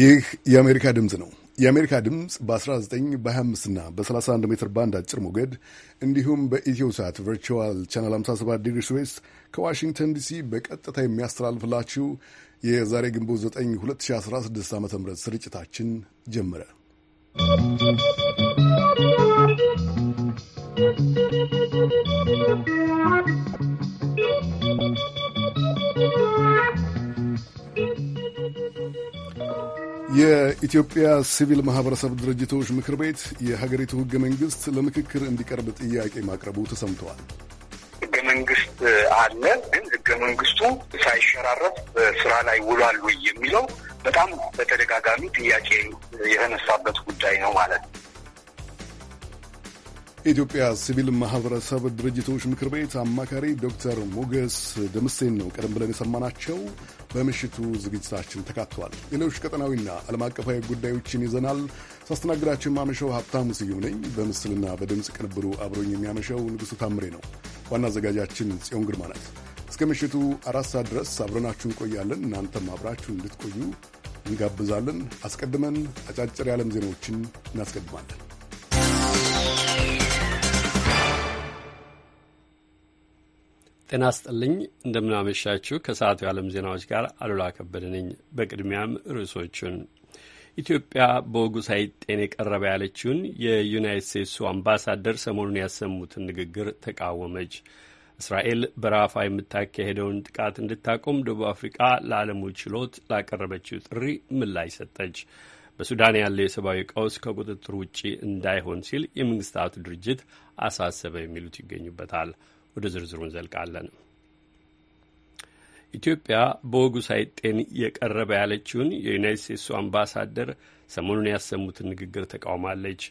ይህ የአሜሪካ ድምፅ ነው። የአሜሪካ ድምፅ በ19 በ25ና በ31 ሜትር ባንድ አጭር ሞገድ እንዲሁም በኢትዮ ሳት ቨርቹዋል ቻናል 57 ዲግሪ ስዌስት ከዋሽንግተን ዲሲ በቀጥታ የሚያስተላልፍላችሁ የዛሬ ግንቦት 9 2016 ዓ ም ስርጭታችን ጀመረ። የኢትዮጵያ ሲቪል ማህበረሰብ ድርጅቶች ምክር ቤት የሀገሪቱ ህገ መንግስት ለምክክር እንዲቀርብ ጥያቄ ማቅረቡ ተሰምተዋል። ህገ መንግስት አለ፣ ግን ህገ መንግስቱ ሳይሸራረፍ በስራ ላይ ውሏል ወይ የሚለው በጣም በተደጋጋሚ ጥያቄ የተነሳበት ጉዳይ ነው ማለት ነው። የኢትዮጵያ ሲቪል ማህበረሰብ ድርጅቶች ምክር ቤት አማካሪ ዶክተር ሞገስ ደምሴን ነው ቀደም ብለን የሰማናቸው። በምሽቱ ዝግጅታችን ተካቷል። ሌሎች ቀጠናዊና ዓለም አቀፋዊ ጉዳዮችን ይዘናል። ሳስተናግዳችሁ የማመሸው ሀብታሙ ስዩም ነኝ። በምስልና በድምፅ ቅንብሩ አብሮኝ የሚያመሸው ንጉሥ ታምሬ ነው። ዋና አዘጋጃችን ጽዮን ግርማ ናት። እስከ ምሽቱ አራት ሰዓት ድረስ አብረናችሁ እንቆያለን። እናንተም አብራችሁ እንድትቆዩ እንጋብዛለን። አስቀድመን አጫጭር የዓለም ዜናዎችን እናስቀድማለን። ጤና ስጥልኝ እንደምናመሻችሁ። ከሰዓቱ የዓለም ዜናዎች ጋር አሉላ ከበደ ነኝ። በቅድሚያም ርዕሶቹን ኢትዮጵያ በወጉ ሳይጤን የቀረበ ያለችውን የዩናይት ስቴትሱ አምባሳደር ሰሞኑን ያሰሙትን ንግግር ተቃወመች። እስራኤል በራፋ የምታካሄደውን ጥቃት እንድታቆም ደቡብ አፍሪቃ ለዓለሙ ችሎት ላቀረበችው ጥሪ ምላሽ ሰጠች። በሱዳን ያለው የሰብአዊ ቀውስ ከቁጥጥር ውጪ እንዳይሆን ሲል የመንግስታቱ ድርጅት አሳሰበ። የሚሉት ይገኙበታል። ወደ ዝርዝሩ እንዘልቃለን። ኢትዮጵያ በወጉ ሳይጤን የቀረበ ያለችውን የዩናይት ስቴትሱ አምባሳደር ሰሞኑን ያሰሙትን ንግግር ተቃውማለች።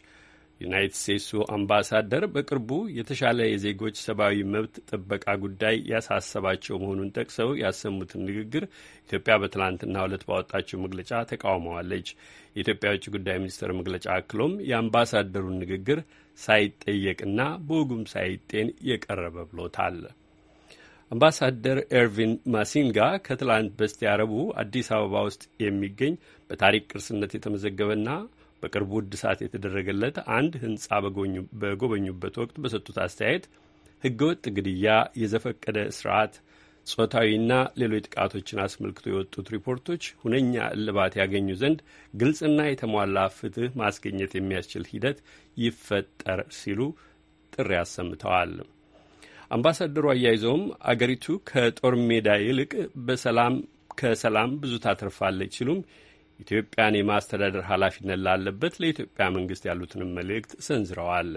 ዩናይትድ ስቴትሱ አምባሳደር በቅርቡ የተሻለ የዜጎች ሰብአዊ መብት ጥበቃ ጉዳይ ያሳሰባቸው መሆኑን ጠቅሰው ያሰሙትን ንግግር ኢትዮጵያ በትላንትና ዕለት ባወጣችው መግለጫ ተቃውመዋለች። የኢትዮጵያ ውጭ ጉዳይ ሚኒስቴር መግለጫ አክሎም የአምባሳደሩን ንግግር ሳይጠየቅና በወጉም ሳይጤን የቀረበ ብሎታል። አምባሳደር ኤርቪን ማሲንጋ ከትላንት በስቲያ ረቡዕ አዲስ አበባ ውስጥ የሚገኝ በታሪክ ቅርስነት የተመዘገበና በቅርቡ እድሳት የተደረገለት አንድ ህንፃ በጎበኙበት ወቅት በሰጡት አስተያየት ህገወጥ ግድያ፣ የዘፈቀደ ስርዓት፣ ጾታዊና ሌሎች ጥቃቶችን አስመልክቶ የወጡት ሪፖርቶች ሁነኛ እልባት ያገኙ ዘንድ ግልጽና የተሟላ ፍትህ ማስገኘት የሚያስችል ሂደት ይፈጠር ሲሉ ጥሪ አሰምተዋል። አምባሳደሩ አያይዘውም አገሪቱ ከጦር ሜዳ ይልቅ በሰላም ከሰላም ብዙ ታትርፋለች ሲሉም ኢትዮጵያን የማስተዳደር ኃላፊነት ላለበት ለኢትዮጵያ መንግስት ያሉትንም መልእክት ሰንዝረዋል።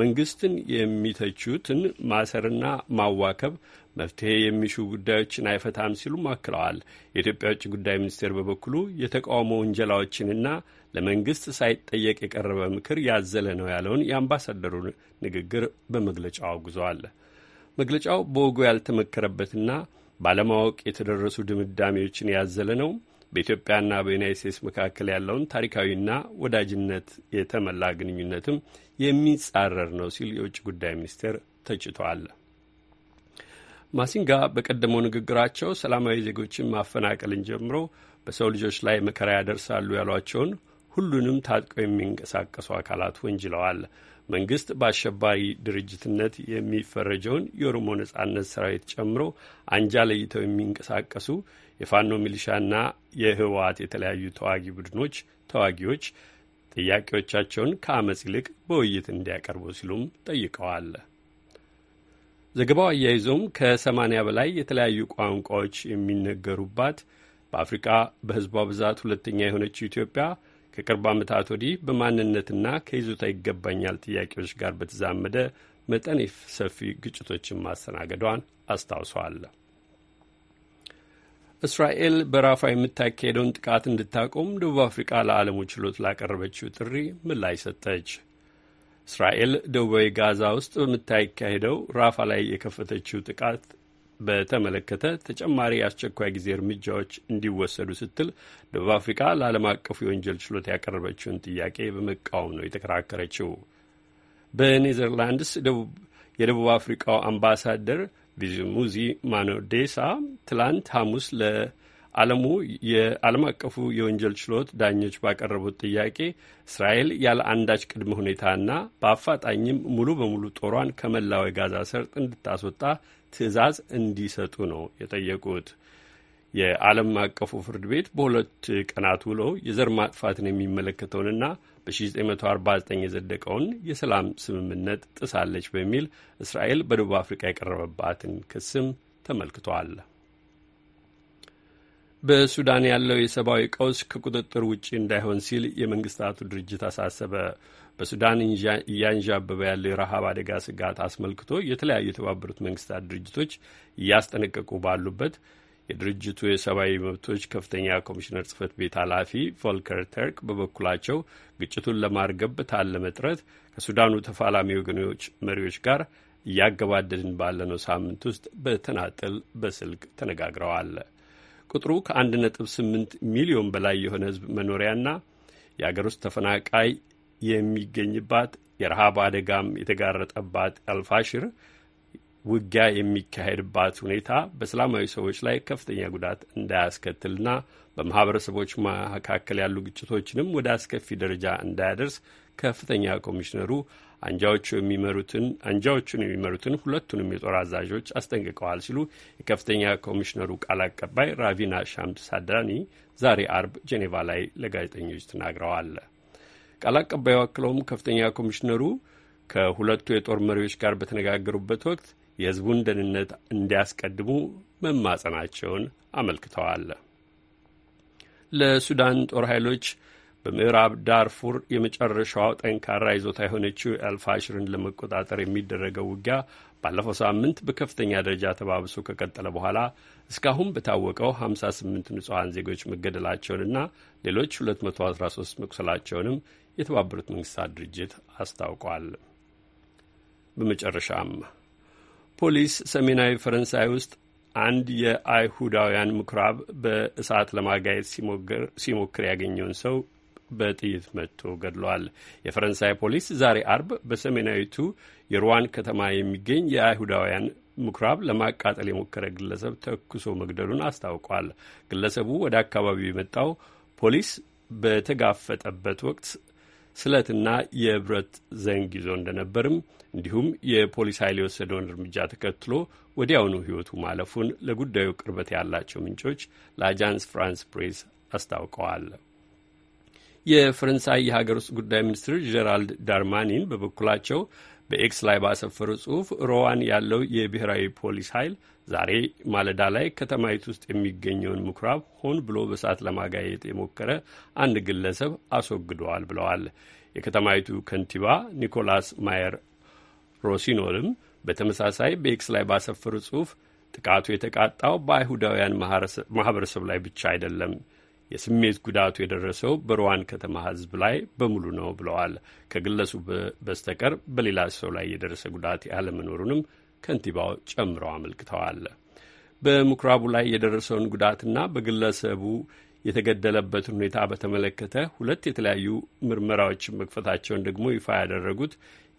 መንግስትን የሚተቹትን ማሰርና ማዋከብ መፍትሄ የሚሹ ጉዳዮችን አይፈታም ሲሉም አክለዋል። የኢትዮጵያ ውጭ ጉዳይ ሚኒስቴር በበኩሉ የተቃውሞ ውንጀላዎችንና ለመንግስት ሳይጠየቅ የቀረበ ምክር ያዘለ ነው ያለውን የአምባሳደሩን ንግግር በመግለጫው አውግዟል። መግለጫው በወጉ ያልተመከረበትና ባለማወቅ የተደረሱ ድምዳሜዎችን ያዘለ ነው በኢትዮጵያና በዩናይት ስቴትስ መካከል ያለውን ታሪካዊና ወዳጅነት የተመላ ግንኙነትም የሚጻረር ነው ሲል የውጭ ጉዳይ ሚኒስቴር ተችቷል። ማሲንጋ በቀደመው ንግግራቸው ሰላማዊ ዜጎችን ማፈናቀልን ጀምሮ በሰው ልጆች ላይ መከራ ያደርሳሉ ያሏቸውን ሁሉንም ታጥቀው የሚንቀሳቀሱ አካላት ወንጅለዋል። መንግስት በአሸባሪ ድርጅትነት የሚፈረጀውን የኦሮሞ ነጻነት ሰራዊት ጨምሮ አንጃ ለይተው የሚንቀሳቀሱ የፋኖ ሚሊሻና የህወሓት የተለያዩ ተዋጊ ቡድኖች ተዋጊዎች ጥያቄዎቻቸውን ከአመፅ ይልቅ በውይይት እንዲያቀርቡ ሲሉም ጠይቀዋል። ዘገባው አያይዞም ከሰማንያ በላይ የተለያዩ ቋንቋዎች የሚነገሩባት በአፍሪቃ በህዝቧ ብዛት ሁለተኛ የሆነችው ኢትዮጵያ ከቅርብ ዓመታት ወዲህ በማንነትና ከይዞታ ይገባኛል ጥያቄዎች ጋር በተዛመደ መጠን ሰፊ ግጭቶችን ማስተናገዷን አስታውሰዋል። እስራኤል በራፋ የምታካሄደውን ጥቃት እንድታቆም ደቡብ አፍሪቃ ለዓለሙ ችሎት ላቀረበችው ጥሪ ምላሽ ሰጠች። እስራኤል ደቡባዊ ጋዛ ውስጥ በምታካሄደው ራፋ ላይ የከፈተችው ጥቃት በተመለከተ ተጨማሪ የአስቸኳይ ጊዜ እርምጃዎች እንዲወሰዱ ስትል ደቡብ አፍሪካ ለዓለም አቀፉ የወንጀል ችሎት ያቀረበችውን ጥያቄ በመቃወም ነው የተከራከረችው። በኔዘርላንድስ የደቡብ አፍሪካው አምባሳደር ቪዙሙዚ ማኖዴሳ ትላንት ሐሙስ ለዓለሙ የዓለም አቀፉ የወንጀል ችሎት ዳኞች ባቀረቡት ጥያቄ እስራኤል ያለ አንዳች ቅድመ ሁኔታና በአፋጣኝም ሙሉ በሙሉ ጦሯን ከመላው ጋዛ ሰርጥ እንድታስወጣ ትዕዛዝ እንዲሰጡ ነው የጠየቁት። የዓለም አቀፉ ፍርድ ቤት በሁለት ቀናት ውለው የዘር ማጥፋትን የሚመለከተውንና በ1949 የጸደቀውን የሰላም ስምምነት ጥሳለች በሚል እስራኤል በደቡብ አፍሪካ የቀረበባትን ክስም ተመልክቷል። በሱዳን ያለው የሰብአዊ ቀውስ ከቁጥጥር ውጪ እንዳይሆን ሲል የመንግስታቱ ድርጅት አሳሰበ። በሱዳን እያንዣበበ ያለው የረሃብ አደጋ ስጋት አስመልክቶ የተለያዩ የተባበሩት መንግስታት ድርጅቶች እያስጠነቀቁ ባሉበት የድርጅቱ የሰብአዊ መብቶች ከፍተኛ ኮሚሽነር ጽህፈት ቤት ኃላፊ ቮልከር ተርክ በበኩላቸው ግጭቱን ለማርገብ በታለመ ጥረት ከሱዳኑ ተፋላሚ ወገኖች መሪዎች ጋር እያገባደድን ባለነው ሳምንት ውስጥ በተናጠል በስልክ ተነጋግረዋል። ቁጥሩ ከ1.8 ሚሊዮን በላይ የሆነ ህዝብ መኖሪያና የአገር ውስጥ ተፈናቃይ የሚገኝባት የረሃብ አደጋም የተጋረጠባት አልፋሽር ውጊያ የሚካሄድባት ሁኔታ በሰላማዊ ሰዎች ላይ ከፍተኛ ጉዳት እንዳያስከትልና በማህበረሰቦች መካከል ያሉ ግጭቶችንም ወደ አስከፊ ደረጃ እንዳያደርስ ከፍተኛ ኮሚሽነሩ አንጃዎቹ የሚመሩትን አንጃዎቹን የሚመሩትን ሁለቱንም የጦር አዛዦች አስጠንቅቀዋል ሲሉ የከፍተኛ ኮሚሽነሩ ቃል አቀባይ ራቪና ሻምድ ሳድራኒ ዛሬ አርብ ጄኔቫ ላይ ለጋዜጠኞች ተናግረዋል። ቃል አቀባዩ አክለውም ከፍተኛ ኮሚሽነሩ ከሁለቱ የጦር መሪዎች ጋር በተነጋገሩበት ወቅት የሕዝቡን ደህንነት እንዲያስቀድሙ መማጸናቸውን አመልክተዋል። ለሱዳን ጦር ኃይሎች በምዕራብ ዳርፉር የመጨረሻው ጠንካራ ይዞታ የሆነችው አልፋሽርን ለመቆጣጠር የሚደረገው ውጊያ ባለፈው ሳምንት በከፍተኛ ደረጃ ተባብሶ ከቀጠለ በኋላ እስካሁን በታወቀው 58 ንጹሐን ዜጎች መገደላቸውንና ሌሎች 213 መቁሰላቸውንም የተባበሩት መንግስታት ድርጅት አስታውቋል። በመጨረሻም ፖሊስ ሰሜናዊ ፈረንሳይ ውስጥ አንድ የአይሁዳውያን ምኩራብ በእሳት ለማጋየት ሲሞክር ያገኘውን ሰው በጥይት መጥቶ ገድሏል። የፈረንሳይ ፖሊስ ዛሬ አርብ በሰሜናዊቱ የሩዋን ከተማ የሚገኝ የአይሁዳውያን ምኩራብ ለማቃጠል የሞከረ ግለሰብ ተኩሶ መግደሉን አስታውቋል። ግለሰቡ ወደ አካባቢው የመጣው ፖሊስ በተጋፈጠበት ወቅት ስለትና የብረት ዘንግ ይዞ እንደነበርም እንዲሁም የፖሊስ ኃይል የወሰደውን እርምጃ ተከትሎ ወዲያውኑ ሕይወቱ ማለፉን ለጉዳዩ ቅርበት ያላቸው ምንጮች ለአጃንስ ፍራንስ ፕሬስ አስታውቀዋል። የፈረንሳይ የሀገር ውስጥ ጉዳይ ሚኒስትር ጀራልድ ዳርማኒን በበኩላቸው በኤክስ ላይ ባሰፈሩ ጽሁፍ ሮዋን ያለው የብሔራዊ ፖሊስ ኃይል ዛሬ ማለዳ ላይ ከተማይቱ ውስጥ የሚገኘውን ምኩራብ ሆን ብሎ በእሳት ለማጋየጥ የሞከረ አንድ ግለሰብ አስወግደዋል ብለዋል። የከተማይቱ ከንቲባ ኒኮላስ ማየር ሮሲኖልም በተመሳሳይ በኤክስ ላይ ባሰፈሩ ጽሁፍ ጥቃቱ የተቃጣው በአይሁዳውያን ማህበረሰብ ላይ ብቻ አይደለም የስሜት ጉዳቱ የደረሰው በሩዋን ከተማ ህዝብ ላይ በሙሉ ነው ብለዋል። ከግለሱ በስተቀር በሌላ ሰው ላይ የደረሰ ጉዳት ያለመኖሩንም ከንቲባው ጨምረው አመልክተዋል። በምኩራቡ ላይ የደረሰውን ጉዳትና በግለሰቡ የተገደለበትን ሁኔታ በተመለከተ ሁለት የተለያዩ ምርመራዎችን መክፈታቸውን ደግሞ ይፋ ያደረጉት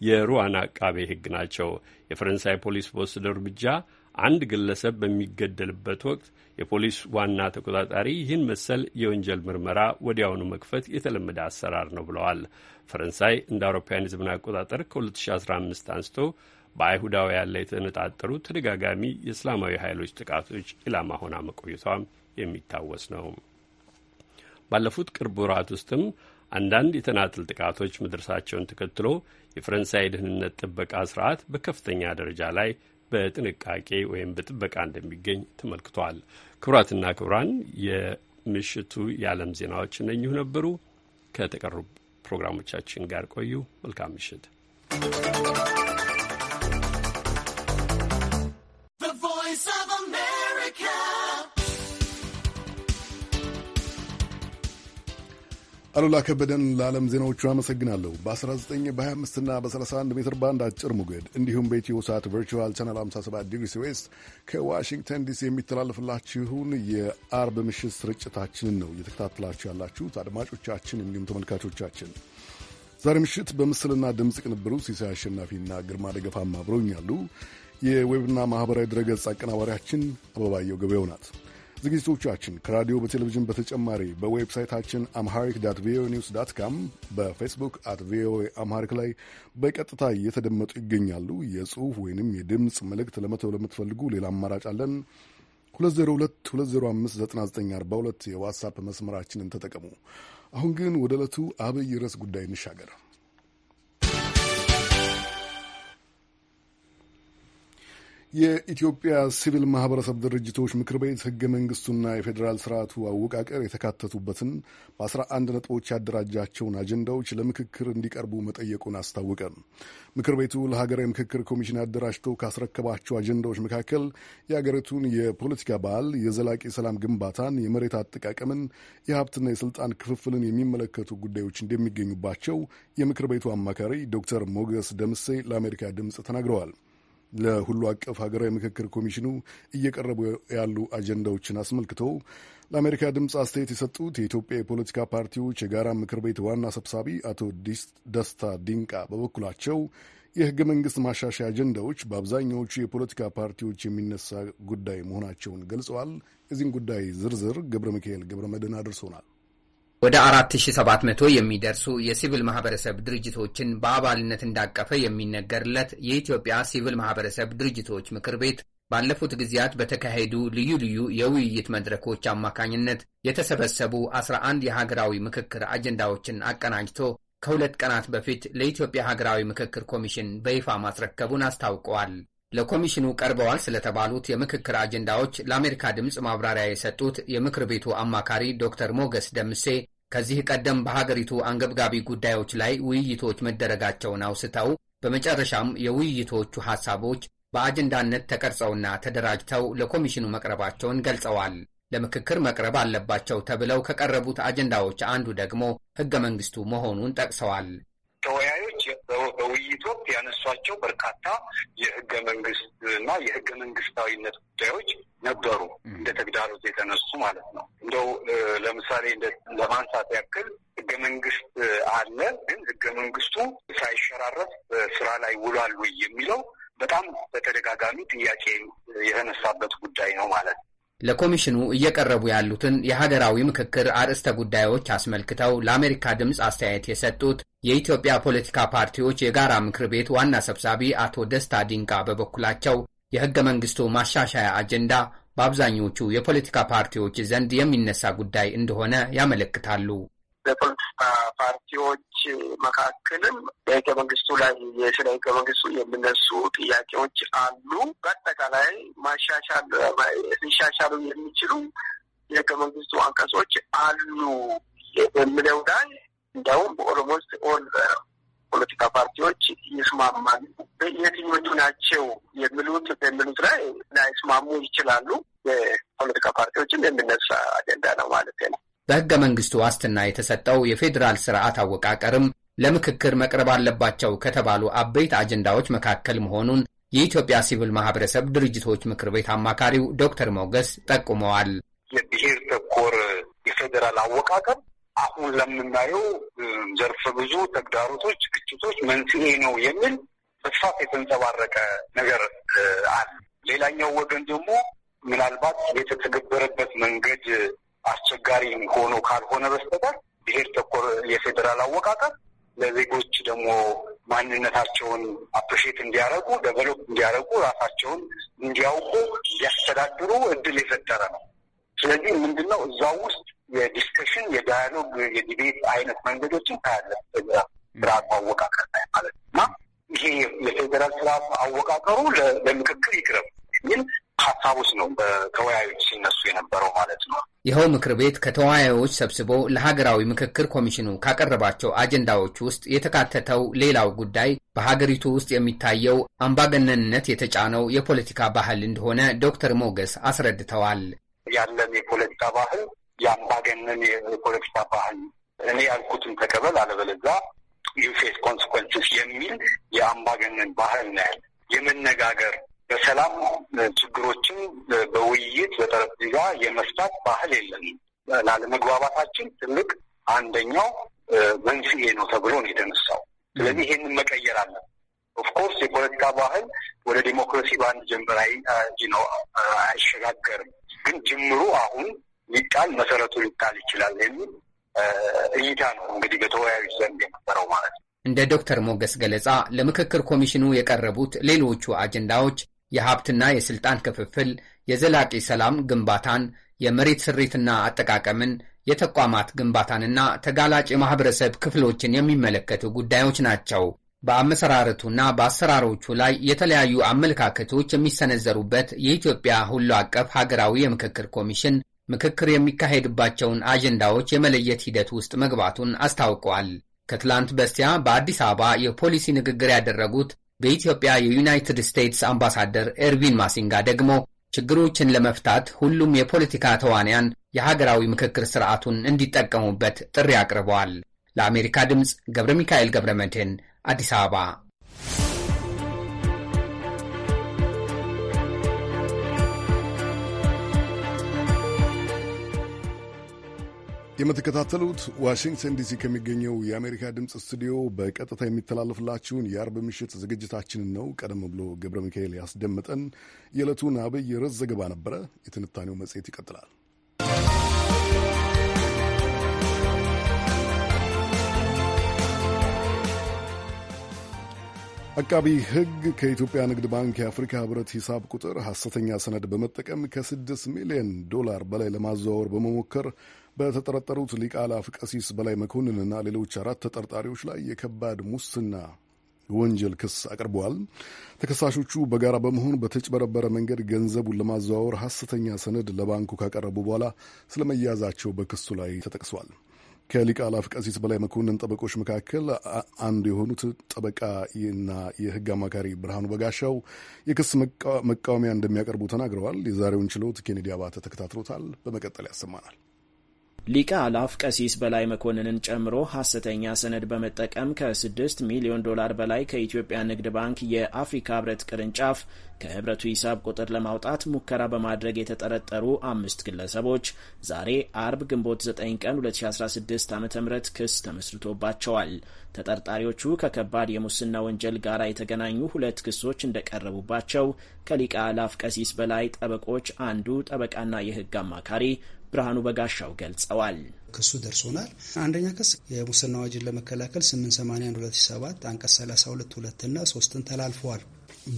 የሩዋን አቃቤ ህግ ናቸው። የፈረንሳይ ፖሊስ በወሰደው እርምጃ አንድ ግለሰብ በሚገደልበት ወቅት የፖሊስ ዋና ተቆጣጣሪ ይህን መሰል የወንጀል ምርመራ ወዲያውኑ መክፈት የተለመደ አሰራር ነው ብለዋል። ፈረንሳይ እንደ አውሮፓውያን የዘመን አቆጣጠር ከ2015 አንስቶ በአይሁዳውያን ላይ የተነጣጠሩ ተደጋጋሚ የእስላማዊ ኃይሎች ጥቃቶች ኢላማ ሆና መቆየቷም የሚታወስ ነው። ባለፉት ቅርብ ወራት ውስጥም አንዳንድ የተናጥል ጥቃቶች መድረሳቸውን ተከትሎ የፈረንሳይ የደህንነት ጥበቃ ስርዓት በከፍተኛ ደረጃ ላይ በጥንቃቄ ወይም በጥበቃ እንደሚገኝ ተመልክቷል። ክቡራትና ክቡራን የምሽቱ የዓለም ዜናዎች እነኚሁ ነበሩ። ከተቀሩ ፕሮግራሞቻችን ጋር ቆዩ። መልካም ምሽት። አሉላ ከበደን ለዓለም ዜናዎቹ አመሰግናለሁ። በ19 በ25 እና በ31 ሜትር ባንድ አጭር ሞገድ እንዲሁም በኢትዮ ሳት ቨርቹዋል ቻናል 57 ዲግሪስ ዌስት ከዋሽንግተን ዲሲ የሚተላለፍላችሁን የአርብ ምሽት ስርጭታችንን ነው እየተከታተላችሁ ያላችሁት አድማጮቻችን፣ እንዲሁም ተመልካቾቻችን። ዛሬ ምሽት በምስልና ድምፅ ቅንብሩ ሲሳይ አሸናፊና ግርማ ደገፋም አብረውኛሉ። የዌብና ማኅበራዊ ድረገጽ አቀናባሪያችን አበባየው ገበያው ናት። ዝግጅቶቻችን ከራዲዮ በቴሌቪዥን በተጨማሪ በዌብሳይታችን አምሃሪክ ዳት ቪኦኤ ኒውስ ዳት ካም፣ በፌስቡክ አት ቪኦኤ አምሃሪክ ላይ በቀጥታ እየተደመጡ ይገኛሉ። የጽሁፍ ወይንም የድምፅ መልእክት ለመተው ለምትፈልጉ ሌላ አማራጭ አለን። 2022059942 የዋትሳፕ መስመራችንን ተጠቀሙ። አሁን ግን ወደ ዕለቱ አብይ ርዕስ ጉዳይ እንሻገር። የኢትዮጵያ ሲቪል ማህበረሰብ ድርጅቶች ምክር ቤት ህገ መንግስቱና የፌዴራል ስርዓቱ አወቃቀር የተካተቱበትን በ 11 ነጥቦች ያደራጃቸውን አጀንዳዎች ለምክክር እንዲቀርቡ መጠየቁን አስታወቀ። ምክር ቤቱ ለሀገራዊ ምክክር ኮሚሽን አደራጅቶ ካስረከባቸው አጀንዳዎች መካከል የሀገሪቱን የፖለቲካ ባህል፣ የዘላቂ ሰላም ግንባታን፣ የመሬት አጠቃቀምን፣ የሀብትና የስልጣን ክፍፍልን የሚመለከቱ ጉዳዮች እንደሚገኙባቸው የምክር ቤቱ አማካሪ ዶክተር ሞገስ ደምሴ ለአሜሪካ ድምፅ ተናግረዋል። ለሁሉ አቀፍ ሀገራዊ ምክክር ኮሚሽኑ እየቀረቡ ያሉ አጀንዳዎችን አስመልክቶ ለአሜሪካ ድምፅ አስተያየት የሰጡት የኢትዮጵያ የፖለቲካ ፓርቲዎች የጋራ ምክር ቤት ዋና ሰብሳቢ አቶ ደስታ ዲንቃ በበኩላቸው የህገ መንግስት ማሻሻያ አጀንዳዎች በአብዛኛዎቹ የፖለቲካ ፓርቲዎች የሚነሳ ጉዳይ መሆናቸውን ገልጸዋል። የዚህን ጉዳይ ዝርዝር ገብረ ሚካኤል ገብረ መድህን አድርሶናል። ወደ 4700 የሚደርሱ የሲቪል ማህበረሰብ ድርጅቶችን በአባልነት እንዳቀፈ የሚነገርለት የኢትዮጵያ ሲቪል ማህበረሰብ ድርጅቶች ምክር ቤት ባለፉት ጊዜያት በተካሄዱ ልዩ ልዩ የውይይት መድረኮች አማካኝነት የተሰበሰቡ 11 የሀገራዊ ምክክር አጀንዳዎችን አቀናጅቶ ከሁለት ቀናት በፊት ለኢትዮጵያ ሀገራዊ ምክክር ኮሚሽን በይፋ ማስረከቡን አስታውቀዋል። ለኮሚሽኑ ቀርበዋል ስለተባሉት የምክክር አጀንዳዎች ለአሜሪካ ድምፅ ማብራሪያ የሰጡት የምክር ቤቱ አማካሪ ዶክተር ሞገስ ደምሴ ከዚህ ቀደም በሀገሪቱ አንገብጋቢ ጉዳዮች ላይ ውይይቶች መደረጋቸውን አውስተው በመጨረሻም የውይይቶቹ ሐሳቦች በአጀንዳነት ተቀርጸውና ተደራጅተው ለኮሚሽኑ መቅረባቸውን ገልጸዋል። ለምክክር መቅረብ አለባቸው ተብለው ከቀረቡት አጀንዳዎች አንዱ ደግሞ ሕገ መንግሥቱ መሆኑን ጠቅሰዋል። በውይይት ወቅት ያነሷቸው በርካታ የህገ መንግስት እና የህገ መንግስታዊነት ጉዳዮች ነበሩ፣ እንደ ተግዳሮት የተነሱ ማለት ነው። እንደው ለምሳሌ ለማንሳት ያክል ህገ መንግስት አለ፣ ግን ህገ መንግስቱ ሳይሸራረፍ ስራ ላይ ውሏል ወይ የሚለው በጣም በተደጋጋሚ ጥያቄ የተነሳበት ጉዳይ ነው ማለት ነው። ለኮሚሽኑ እየቀረቡ ያሉትን የሀገራዊ ምክክር አርዕስተ ጉዳዮች አስመልክተው ለአሜሪካ ድምፅ አስተያየት የሰጡት የኢትዮጵያ ፖለቲካ ፓርቲዎች የጋራ ምክር ቤት ዋና ሰብሳቢ አቶ ደስታ ዲንቃ በበኩላቸው የህገ መንግስቱ ማሻሻያ አጀንዳ በአብዛኞቹ የፖለቲካ ፓርቲዎች ዘንድ የሚነሳ ጉዳይ እንደሆነ ያመለክታሉ። በፖለቲካ ፓርቲዎች መካከልም በህገ መንግስቱ ላይ የስለ ህገ መንግስቱ የሚነሱ ጥያቄዎች አሉ። በአጠቃላይ ማሻሻል ሊሻሻሉ የሚችሉ የህገ መንግስቱ አንቀጾች አሉ በሚለው ላይ እንዲያውም ኦልሞስት ኦል ፖለቲካ ፓርቲዎች ይስማማሉ። የትኞቹ ናቸው የሚሉት በሚሉት ላይ ላይስማሙ ይችላሉ። የፖለቲካ ፓርቲዎችም የሚነሳ አጀንዳ ነው ማለት ነው። በሕገ መንግሥቱ ዋስትና የተሰጠው የፌዴራል ስርዓት አወቃቀርም ለምክክር መቅረብ አለባቸው ከተባሉ አበይት አጀንዳዎች መካከል መሆኑን የኢትዮጵያ ሲቪል ማህበረሰብ ድርጅቶች ምክር ቤት አማካሪው ዶክተር ሞገስ ጠቁመዋል። የብሔር ተኮር የፌዴራል አወቃቀር አሁን ለምናየው ዘርፈ ብዙ ተግዳሮቶች፣ ግጭቶች መንስኤ ነው የሚል በስፋት የተንጸባረቀ ነገር አለ። ሌላኛው ወገን ደግሞ ምናልባት የተተገበረበት መንገድ አስቸጋሪ ሆኖ ካልሆነ በስተቀር ብሔር ተኮር የፌዴራል አወቃቀር ለዜጎች ደግሞ ማንነታቸውን አፕሪሼት እንዲያደርጉ ደቨሎፕ እንዲያደርጉ ራሳቸውን እንዲያውቁ እንዲያስተዳድሩ እድል የፈጠረ ነው። ስለዚህ ምንድነው እዛው ውስጥ የዲስከሽን የዳያሎግ የዲቤት አይነት መንገዶችን ታያለ ፌዴራል ስርዓቱ አወቃቀር ላይ ማለት ነው እና ይሄ የፌዴራል ስርዓቱ አወቃቀሩ ለምክክር ይቅረብ ግን ሀሳቦች ነው በተወያዮች ሲነሱ የነበረው ማለት ነው። ይኸው ምክር ቤት ከተወያዮች ሰብስቦ ለሀገራዊ ምክክር ኮሚሽኑ ካቀረባቸው አጀንዳዎች ውስጥ የተካተተው ሌላው ጉዳይ በሀገሪቱ ውስጥ የሚታየው አምባገነንነት የተጫነው የፖለቲካ ባህል እንደሆነ ዶክተር ሞገስ አስረድተዋል። ያለን የፖለቲካ ባህል የአምባገነን የፖለቲካ ባህል እኔ ያልኩትን ተቀበል፣ አለበለዚያ ዩፌስ ኮንስኮንስስ የሚል የአምባገነን ባህል ነው ያለ የመነጋገር በሰላም ችግሮችን በውይይት በጠረጴዛ የመፍታት ባህል የለም። ላለመግባባታችን ትልቅ አንደኛው መንስኤ ነው ተብሎ ነው የተነሳው። ስለዚህ ይሄንን መቀየር አለን። ኦፍኮርስ የፖለቲካ ባህል ወደ ዲሞክራሲ በአንድ ጀንበር ነው አይሸጋገርም። ግን ጅምሩ አሁን ሊጣል መሰረቱ ሊጣል ይችላል የሚል እይታ ነው እንግዲህ በተወያዩ ዘንድ የነበረው ማለት ነው። እንደ ዶክተር ሞገስ ገለጻ ለምክክር ኮሚሽኑ የቀረቡት ሌሎቹ አጀንዳዎች የሀብትና የስልጣን ክፍፍል፣ የዘላቂ ሰላም ግንባታን፣ የመሬት ስሪትና አጠቃቀምን፣ የተቋማት ግንባታንና ተጋላጭ የማኅበረሰብ ክፍሎችን የሚመለከቱ ጉዳዮች ናቸው። በአመሰራረቱና በአሰራሮቹ ላይ የተለያዩ አመለካከቶች የሚሰነዘሩበት የኢትዮጵያ ሁሉ አቀፍ ሀገራዊ የምክክር ኮሚሽን ምክክር የሚካሄድባቸውን አጀንዳዎች የመለየት ሂደት ውስጥ መግባቱን አስታውቋል። ከትላንት በስቲያ በአዲስ አበባ የፖሊሲ ንግግር ያደረጉት በኢትዮጵያ የዩናይትድ ስቴትስ አምባሳደር ኤርቪን ማሲንጋ ደግሞ ችግሮችን ለመፍታት ሁሉም የፖለቲካ ተዋንያን የሀገራዊ ምክክር ስርዓቱን እንዲጠቀሙበት ጥሪ አቅርበዋል። ለአሜሪካ ድምፅ ገብረ ሚካኤል ገብረ መድህን አዲስ አበባ የምትከታተሉት ዋሽንግተን ዲሲ ከሚገኘው የአሜሪካ ድምፅ ስቱዲዮ በቀጥታ የሚተላለፍላችሁን የአርብ ምሽት ዝግጅታችንን ነው። ቀደም ብሎ ገብረ ሚካኤል ያስደመጠን የዕለቱን አብይ ርዕስ ዘገባ ነበረ። የትንታኔው መጽሔት ይቀጥላል። አቃቢ ሕግ ከኢትዮጵያ ንግድ ባንክ የአፍሪካ ህብረት ሂሳብ ቁጥር ሐሰተኛ ሰነድ በመጠቀም ከ6 ሚሊዮን ዶላር በላይ ለማዘዋወር በመሞከር በተጠረጠሩት ሊቃላፍ ቀሲስ በላይ መኮንንና ሌሎች አራት ተጠርጣሪዎች ላይ የከባድ ሙስና ወንጀል ክስ አቅርበዋል። ተከሳሾቹ በጋራ በመሆን በተጭበረበረ መንገድ ገንዘቡን ለማዘዋወር ሐሰተኛ ሰነድ ለባንኩ ካቀረቡ በኋላ ስለመያዛቸው በክሱ ላይ ተጠቅሷል። ከሊቀ አላፍ ቀሲስ በላይ መኮንን ጠበቆች መካከል አንዱ የሆኑት ጠበቃ እና የሕግ አማካሪ ብርሃኑ በጋሻው የክስ መቃወሚያ እንደሚያቀርቡ ተናግረዋል። የዛሬውን ችሎት ኬኔዲ አባተ ተከታትሎታል። በመቀጠል ያሰማናል። ሊቀ አላፍ ቀሲስ በላይ መኮንንን ጨምሮ ሐሰተኛ ሰነድ በመጠቀም ከ6 ሚሊዮን ዶላር በላይ ከኢትዮጵያ ንግድ ባንክ የአፍሪካ ህብረት ቅርንጫፍ ከህብረቱ ሂሳብ ቁጥር ለማውጣት ሙከራ በማድረግ የተጠረጠሩ አምስት ግለሰቦች ዛሬ አርብ ግንቦት 9 ቀን 2016 ዓ ም ክስ ተመስርቶባቸዋል። ተጠርጣሪዎቹ ከከባድ የሙስና ወንጀል ጋር የተገናኙ ሁለት ክሶች እንደቀረቡባቸው ከሊቀ አላፍ ቀሲስ በላይ ጠበቆች አንዱ ጠበቃና የህግ አማካሪ ብርሃኑ በጋሻው ገልጸዋል። ክሱ ደርሶናል። አንደኛ ክስ የሙስና አዋጅን ለመከላከል 881 2007 አንቀጽ 32 ሁለትና ሶስትን ተላልፈዋል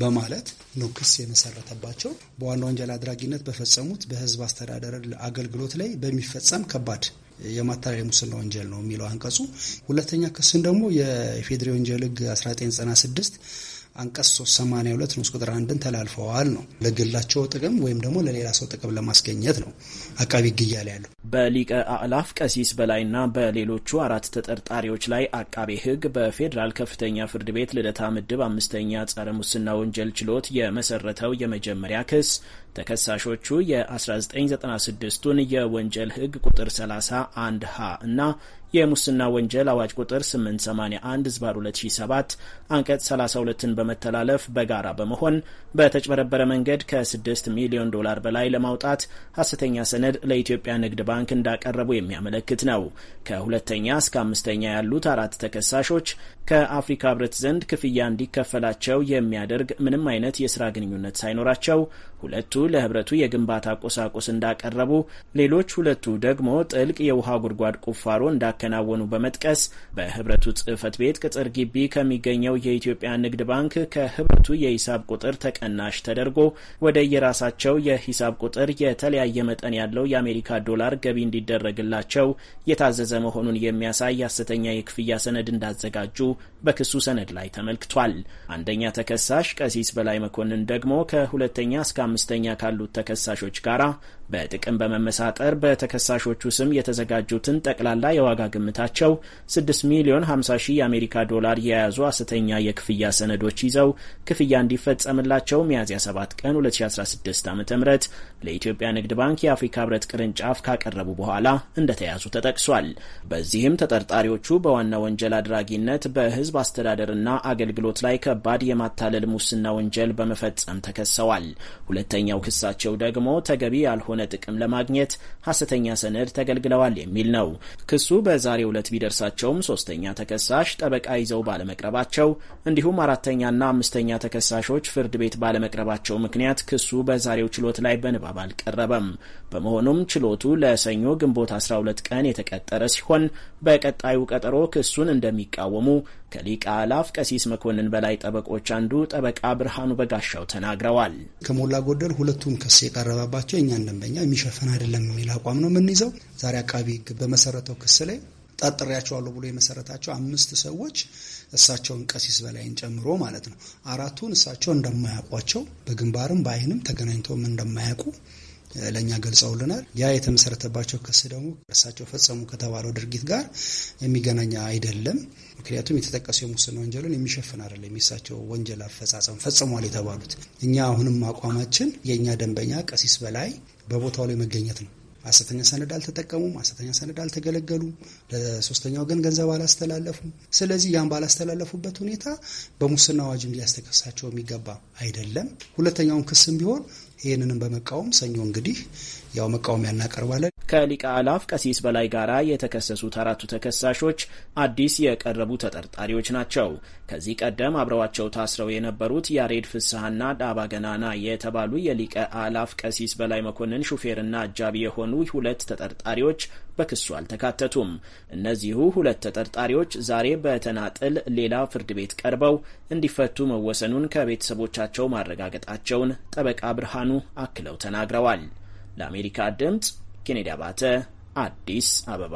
በማለት ነው ክስ የመሰረተባቸው በዋና ወንጀል አድራጊነት በፈጸሙት በህዝብ አስተዳደር አገልግሎት ላይ በሚፈጸም ከባድ የማታለል ሙስና ወንጀል ነው የሚለው አንቀጹ። ሁለተኛ ክስን ደግሞ የፌዴሬ ወንጀል ህግ 1996 አንቀጽ 382 ንዑስ ቁጥር አንድን ተላልፈዋል ነው። ለግላቸው ጥቅም ወይም ደግሞ ለሌላ ሰው ጥቅም ለማስገኘት ነው አቃቢ ሕግ እያለ ያለው። በሊቀ አእላፍ ቀሲስ በላይና በሌሎቹ አራት ተጠርጣሪዎች ላይ አቃቤ ህግ በፌዴራል ከፍተኛ ፍርድ ቤት ልደታ ምድብ አምስተኛ ጸረ ሙስና ወንጀል ችሎት የመሰረተው የመጀመሪያ ክስ ተከሳሾቹ የ1996ቱን የወንጀል ህግ ቁጥር 30 ሀ እና የሙስና ወንጀል አዋጅ ቁጥር 881 ዝባር 2007 አንቀጽ 32ን በመተላለፍ በጋራ በመሆን በተጭበረበረ መንገድ ከ6 ሚሊዮን ዶላር በላይ ለማውጣት ሐሰተኛ ሰነድ ለኢትዮጵያ ንግድ ባንክ እንዳቀረቡ የሚያመለክት ነው። ከሁለተኛ እስከ አምስተኛ ያሉት አራት ተከሳሾች ከአፍሪካ ህብረት ዘንድ ክፍያ እንዲከፈላቸው የሚያደርግ ምንም አይነት የስራ ግንኙነት ሳይኖራቸው ሁለቱ ለህብረቱ የግንባታ ቁሳቁስ እንዳቀረቡ፣ ሌሎች ሁለቱ ደግሞ ጥልቅ የውሃ ጉድጓድ ቁፋሮ እንዳከ እንዳከናወኑ በመጥቀስ በህብረቱ ጽህፈት ቤት ቅጥር ግቢ ከሚገኘው የኢትዮጵያ ንግድ ባንክ ከህብረቱ የሂሳብ ቁጥር ተቀናሽ ተደርጎ ወደ የራሳቸው የሂሳብ ቁጥር የተለያየ መጠን ያለው የአሜሪካ ዶላር ገቢ እንዲደረግላቸው የታዘዘ መሆኑን የሚያሳይ ሐሰተኛ የክፍያ ሰነድ እንዳዘጋጁ በክሱ ሰነድ ላይ ተመልክቷል። አንደኛ ተከሳሽ ቀሲስ በላይ መኮንን ደግሞ ከሁለተኛ እስከ አምስተኛ ካሉት ተከሳሾች ጋራ በጥቅም በመመሳጠር በተከሳሾቹ ስም የተዘጋጁትን ጠቅላላ የዋጋ ግምታቸው 6 ሚሊዮን 50 ሺህ የአሜሪካ ዶላር የያዙ ሐሰተኛ የክፍያ ሰነዶች ይዘው ክፍያ እንዲፈጸምላቸው ሚያዝያ 7 ቀን 2016 ዓ ም ለኢትዮጵያ ንግድ ባንክ የአፍሪካ ህብረት ቅርንጫፍ ካቀረቡ በኋላ እንደተያዙ ተጠቅሷል። በዚህም ተጠርጣሪዎቹ በዋና ወንጀል አድራጊነት በህዝብ በህዝብ አስተዳደርና አገልግሎት ላይ ከባድ የማታለል ሙስና ወንጀል በመፈጸም ተከሰዋል። ሁለተኛው ክሳቸው ደግሞ ተገቢ ያልሆነ ጥቅም ለማግኘት ሐሰተኛ ሰነድ ተገልግለዋል የሚል ነው። ክሱ በዛሬው ዕለት ቢደርሳቸውም ሶስተኛ ተከሳሽ ጠበቃ ይዘው ባለመቅረባቸው እንዲሁም አራተኛና አምስተኛ ተከሳሾች ፍርድ ቤት ባለመቅረባቸው ምክንያት ክሱ በዛሬው ችሎት ላይ በንባብ አልቀረበም። በመሆኑም ችሎቱ ለሰኞ ግንቦት 12 ቀን የተቀጠረ ሲሆን በቀጣዩ ቀጠሮ ክሱን እንደሚቃወሙ ከሊቃ አላፍ ቀሲስ መኮንን በላይ ጠበቆች አንዱ ጠበቃ ብርሃኑ በጋሻው ተናግረዋል። ከሞላ ጎደል ሁለቱም ክስ የቀረበባቸው እኛ ደንበኛ የሚሸፈን አይደለም የሚል አቋም ነው የምንይዘው። ዛሬ አቃቢ ሕግ በመሰረተው ክስ ላይ ጠርጥሬያቸዋለሁ ብሎ የመሰረታቸው አምስት ሰዎች እሳቸውን ቀሲስ በላይን ጨምሮ ማለት ነው አራቱን እሳቸው እንደማያውቋቸው በግንባርም በአይንም ተገናኝተውም እንደማያውቁ ለእኛ ገልጸውልናል። ያ የተመሰረተባቸው ክስ ደግሞ እርሳቸው ፈጸሙ ከተባለው ድርጊት ጋር የሚገናኝ አይደለም። ምክንያቱም የተጠቀሱ የሙስና ወንጀልን የሚሸፍን አይደለም። የእሳቸው ወንጀል አፈጻጸም ፈጽሟል የተባሉት። እኛ አሁንም አቋማችን የእኛ ደንበኛ ቀሲስ በላይ በቦታው ላይ መገኘት ነው። ሐሰተኛ ሰነድ አልተጠቀሙም። ሐሰተኛ ሰነድ አልተገለገሉም። ለሶስተኛ ወገን ገንዘብ አላስተላለፉም። ስለዚህ ያን ባላስተላለፉበት ሁኔታ በሙስና አዋጅም ሊያስተከሳቸው የሚገባ አይደለም። ሁለተኛውን ክስም ቢሆን ይህንንም በመቃወም ሰኞ እንግዲህ ያው መቃወሚያ እናቀርባለን። ከሊቀ አላፍ ቀሲስ በላይ ጋራ የተከሰሱት አራቱ ተከሳሾች አዲስ የቀረቡ ተጠርጣሪዎች ናቸው። ከዚህ ቀደም አብረዋቸው ታስረው የነበሩት ያሬድ ፍስሐና ዳባ ገናና የተባሉ የሊቀ አላፍ ቀሲስ በላይ መኮንን ሹፌርና አጃቢ የሆኑ ሁለት ተጠርጣሪዎች በክሱ አልተካተቱም። እነዚሁ ሁለት ተጠርጣሪዎች ዛሬ በተናጥል ሌላ ፍርድ ቤት ቀርበው እንዲፈቱ መወሰኑን ከቤተሰቦቻቸው ማረጋገጣቸውን ጠበቃ ብርሃኑ አክለው ተናግረዋል። ለአሜሪካ ድምፅ ኬኔዲ አባተ አዲስ አበባ።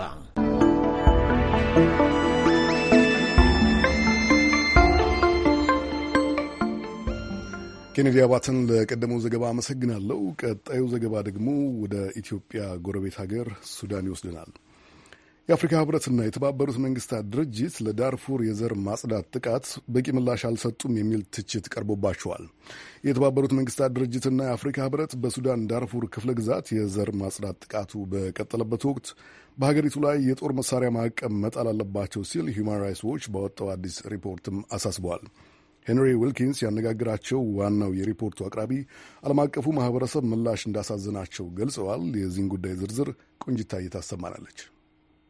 ኬኔዲ አባትን ለቀደመው ዘገባ አመሰግናለሁ። ቀጣዩ ዘገባ ደግሞ ወደ ኢትዮጵያ ጎረቤት ሀገር ሱዳን ይወስደናል። የአፍሪካ ህብረትና የተባበሩት መንግስታት ድርጅት ለዳርፉር የዘር ማጽዳት ጥቃት በቂ ምላሽ አልሰጡም የሚል ትችት ቀርቦባቸዋል። የተባበሩት መንግስታት ድርጅትና የአፍሪካ ህብረት በሱዳን ዳርፉር ክፍለ ግዛት የዘር ማጽዳት ጥቃቱ በቀጠለበት ወቅት በሀገሪቱ ላይ የጦር መሳሪያ ማዕቀብ መጣል አለባቸው ሲል ሁማን ራይትስ ዎች ባወጣው አዲስ ሪፖርትም አሳስበዋል። ሄንሪ ዊልኪንስ ያነጋግራቸው ዋናው የሪፖርቱ አቅራቢ ዓለም አቀፉ ማህበረሰብ ምላሽ እንዳሳዘናቸው ገልጸዋል። የዚህን ጉዳይ ዝርዝር ቁንጅታ እየታሰማናለች።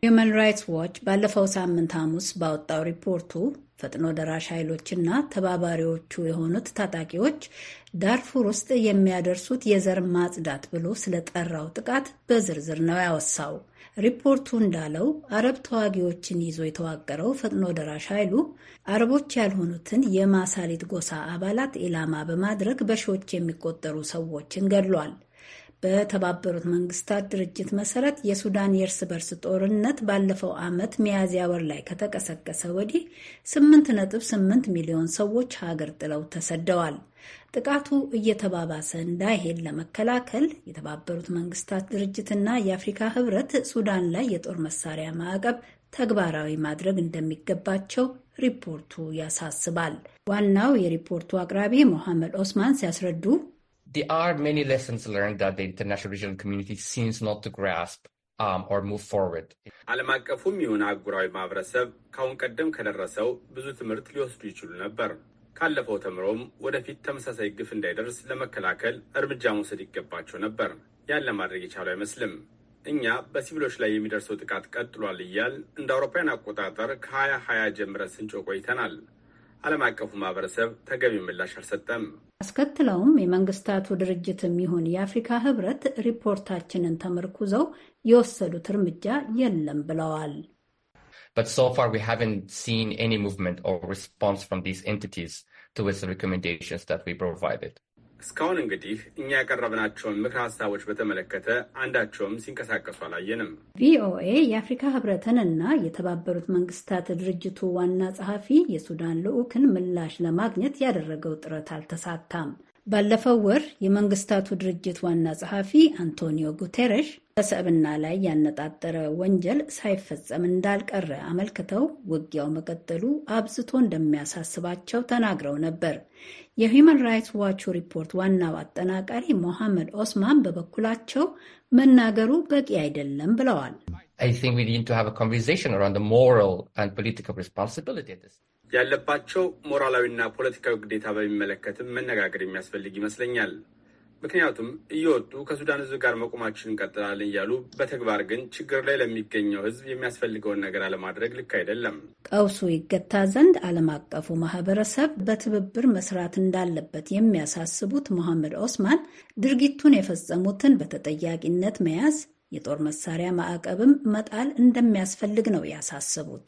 ሁማን ራይትስ ዎች ባለፈው ሳምንት ሐሙስ ባወጣው ሪፖርቱ ፈጥኖ ደራሽ ኃይሎችና ተባባሪዎቹ የሆኑት ታጣቂዎች ዳርፉር ውስጥ የሚያደርሱት የዘር ማጽዳት ብሎ ስለጠራው ጥቃት በዝርዝር ነው ያወሳው። ሪፖርቱ እንዳለው አረብ ተዋጊዎችን ይዞ የተዋቀረው ፈጥኖ ደራሽ ኃይሉ አረቦች ያልሆኑትን የማሳሊት ጎሳ አባላት ኢላማ በማድረግ በሺዎች የሚቆጠሩ ሰዎችን ገድሏል። በተባበሩት መንግስታት ድርጅት መሰረት የሱዳን የእርስ በርስ ጦርነት ባለፈው ዓመት ሚያዝያ ወር ላይ ከተቀሰቀሰ ወዲህ 8.8 ሚሊዮን ሰዎች ሀገር ጥለው ተሰደዋል። ጥቃቱ እየተባባሰ እንዳይሄድ ለመከላከል የተባበሩት መንግስታት ድርጅትና የአፍሪካ ህብረት ሱዳን ላይ የጦር መሳሪያ ማዕቀብ ተግባራዊ ማድረግ እንደሚገባቸው ሪፖርቱ ያሳስባል። ዋናው የሪፖርቱ አቅራቢ ሞሐመድ ኦስማን ሲያስረዱ there are many lessons learned that the international regional community seems not to grasp um, or move forward. ዓለም አቀፉም ይሁን አህጉራዊ ማህበረሰብ ከአሁን ቀደም ከደረሰው ብዙ ትምህርት ሊወስዱ ይችሉ ነበር። ካለፈው ተምሮም ወደፊት ተመሳሳይ ግፍ እንዳይደርስ ለመከላከል እርምጃ መውሰድ ይገባቸው ነበር። ያን ለማድረግ የቻሉ አይመስልም። እኛ በሲቪሎች ላይ የሚደርሰው ጥቃት ቀጥሏል እያል እንደ አውሮፓውያን አቆጣጠር ከሀያ ሀያ ጀምረን ስንጮ ቆይተናል። ዓለም አቀፉ ማህበረሰብ ተገቢ ምላሽ አልሰጠም። አስከትለውም የመንግስታቱ ድርጅትም ይሁን የአፍሪካ ህብረት ሪፖርታችንን ተመርኩዘው የወሰዱት እርምጃ የለም ብለዋል። እስካሁን እንግዲህ እኛ ያቀረብናቸውን ምክር ሀሳቦች በተመለከተ አንዳቸውም ሲንቀሳቀሱ አላየንም። ቪኦኤ የአፍሪካ ህብረትን እና የተባበሩት መንግስታት ድርጅቱ ዋና ጸሐፊ የሱዳን ልዑክን ምላሽ ለማግኘት ያደረገው ጥረት አልተሳካም። ባለፈው ወር የመንግስታቱ ድርጅት ዋና ጸሐፊ አንቶኒዮ ጉቴሬሽ በሰብና ላይ ያነጣጠረ ወንጀል ሳይፈጸም እንዳልቀረ አመልክተው ውጊያው መቀጠሉ አብዝቶ እንደሚያሳስባቸው ተናግረው ነበር። የሂዩማን ራይትስ ዋቹ ሪፖርት ዋናው አጠናቃሪ ሞሐመድ ኦስማን በበኩላቸው መናገሩ በቂ አይደለም ብለዋል። ያለባቸው ሞራላዊና ፖለቲካዊ ግዴታ በሚመለከትም መነጋገር የሚያስፈልግ ይመስለኛል። ምክንያቱም እየወጡ ከሱዳን ህዝብ ጋር መቆማችን እንቀጥላለን እያሉ በተግባር ግን ችግር ላይ ለሚገኘው ህዝብ የሚያስፈልገውን ነገር አለማድረግ ልክ አይደለም። ቀውሱ ይገታ ዘንድ ዓለም አቀፉ ማህበረሰብ በትብብር መስራት እንዳለበት የሚያሳስቡት መሐመድ ኦስማን ድርጊቱን የፈጸሙትን በተጠያቂነት መያዝ፣ የጦር መሳሪያ ማዕቀብም መጣል እንደሚያስፈልግ ነው ያሳስቡት።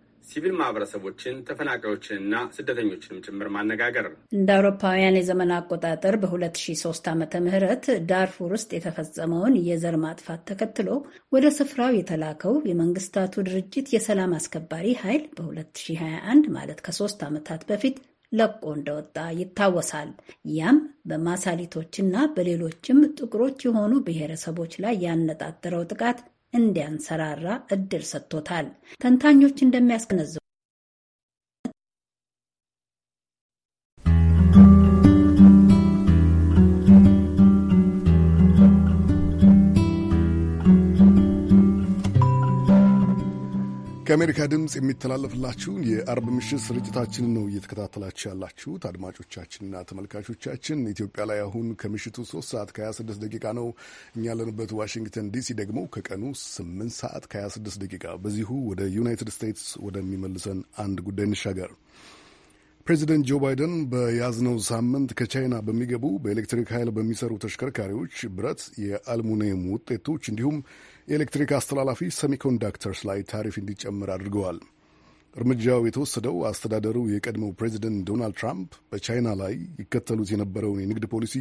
ሲቪል ማህበረሰቦችን ተፈናቃዮችንና ስደተኞችንም ጭምር ማነጋገር እንደ አውሮፓውያን የዘመን አቆጣጠር በ2003 ዓመተ ምህረት ዳርፉር ውስጥ የተፈጸመውን የዘር ማጥፋት ተከትሎ ወደ ስፍራው የተላከው የመንግስታቱ ድርጅት የሰላም አስከባሪ ኃይል በ2021 ማለት ከሶስት ዓመታት በፊት ለቆ እንደወጣ ይታወሳል። ያም በማሳሊቶችና በሌሎችም ጥቁሮች የሆኑ ብሔረሰቦች ላይ ያነጣጠረው ጥቃት እንዲያንሰራራ እድል ሰጥቶታል። ተንታኞች እንደሚያስገነዝቡት ከአሜሪካ ድምፅ የሚተላለፍላችሁን የአርብ ምሽት ስርጭታችንን ነው እየተከታተላችሁ ያላችሁት አድማጮቻችንና ተመልካቾቻችን። ኢትዮጵያ ላይ አሁን ከምሽቱ 3 ሰዓት ከ26 ደቂቃ ነው። እኛ ያለንበት ዋሽንግተን ዲሲ ደግሞ ከቀኑ 8 ሰዓት ከ26 ደቂቃ። በዚሁ ወደ ዩናይትድ ስቴትስ ወደሚመልሰን አንድ ጉዳይ እንሻገር። ፕሬዚደንት ጆ ባይደን በያዝነው ሳምንት ከቻይና በሚገቡ በኤሌክትሪክ ኃይል በሚሰሩ ተሽከርካሪዎች ብረት፣ የአልሙኒየም ውጤቶች እንዲሁም የኤሌክትሪክ አስተላላፊ ሰሚኮንዳክተርስ ላይ ታሪፍ እንዲጨምር አድርገዋል። እርምጃው የተወሰደው አስተዳደሩ የቀድሞው ፕሬዚደንት ዶናልድ ትራምፕ በቻይና ላይ ይከተሉት የነበረውን የንግድ ፖሊሲ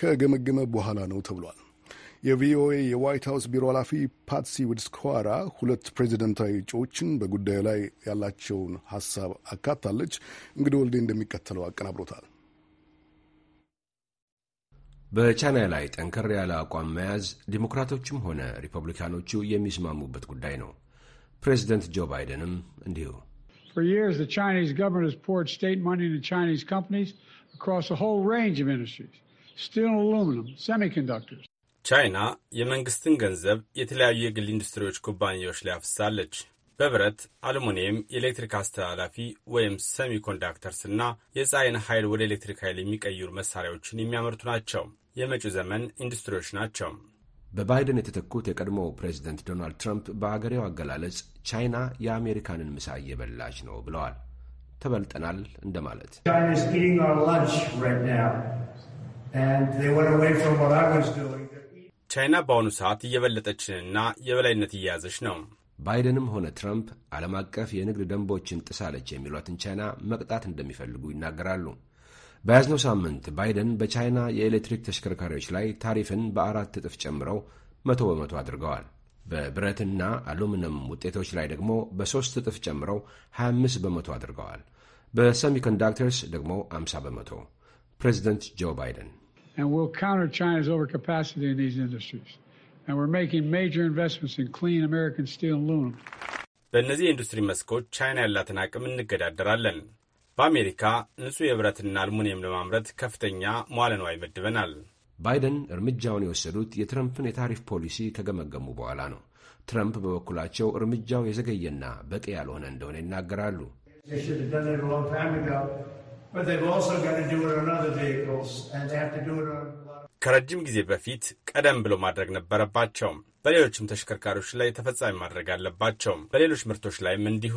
ከገመገመ በኋላ ነው ተብሏል። የቪኦኤ የዋይት ሀውስ ቢሮ ኃላፊ ፓትሲ ውድስኳራ ሁለት ፕሬዚደንታዊ እጩዎችን በጉዳዩ ላይ ያላቸውን ሀሳብ አካታለች። እንግዲህ ወልዴ እንደሚከተለው አቀናብሮታል። በቻይና ላይ ጠንከር ያለ አቋም መያዝ ዲሞክራቶችም ሆነ ሪፐብሊካኖቹ የሚስማሙበት ጉዳይ ነው። ፕሬዚደንት ጆ ባይደንም እንዲሁ ቻይና የመንግስትን ገንዘብ የተለያዩ የግል ኢንዱስትሪዎች ኩባንያዎች ላይ አፍሳለች። በብረት፣ አልሙኒየም፣ የኤሌክትሪክ አስተላላፊ ወይም ሰሚኮንዳክተርስ እና የፀሐይን ኃይል ወደ ኤሌክትሪክ ኃይል የሚቀይሩ መሳሪያዎችን የሚያመርቱ ናቸው። የመጪው ዘመን ኢንዱስትሪዎች ናቸው። በባይደን የተተኩት የቀድሞው ፕሬዚደንት ዶናልድ ትራምፕ በአገሬው አገላለጽ ቻይና የአሜሪካንን ምሳ እየበላች ነው ብለዋል። ተበልጠናል እንደማለት ቻይና በአሁኑ ሰዓት እየበለጠችንና የበላይነት እየያዘች ነው። ባይደንም ሆነ ትራምፕ ዓለም አቀፍ የንግድ ደንቦችን ጥሳለች የሚሏትን ቻይና መቅጣት እንደሚፈልጉ ይናገራሉ። በያዝነው ሳምንት ባይደን በቻይና የኤሌክትሪክ ተሽከርካሪዎች ላይ ታሪፍን በአራት እጥፍ ጨምረው መቶ በመቶ አድርገዋል። በብረትና አሉሚኒየም ውጤቶች ላይ ደግሞ በሦስት እጥፍ ጨምረው 25 በመቶ አድርገዋል። በሰሚኮንዳክተርስ ደግሞ 50 በመቶ ፕሬዚደንት ጆ ባይደን and we'll counter China's overcapacity in these industries. And we're making major investments in clean American steel and aluminum. በእነዚህ የኢንዱስትሪ መስኮች ቻይና ያላትን አቅም እንገዳደራለን። በአሜሪካ ንጹሕ የብረትና አልሙኒየም ለማምረት ከፍተኛ መዋለ ንዋይ ይመድበናል። ባይደን እርምጃውን የወሰዱት የትረምፕን የታሪፍ ፖሊሲ ከገመገሙ በኋላ ነው። ትረምፕ በበኩላቸው እርምጃው የዘገየና በቂ ያልሆነ እንደሆነ ይናገራሉ። ከረጅም ጊዜ በፊት ቀደም ብሎ ማድረግ ነበረባቸው። በሌሎችም ተሽከርካሪዎች ላይ ተፈጻሚ ማድረግ አለባቸው። በሌሎች ምርቶች ላይም እንዲሁ።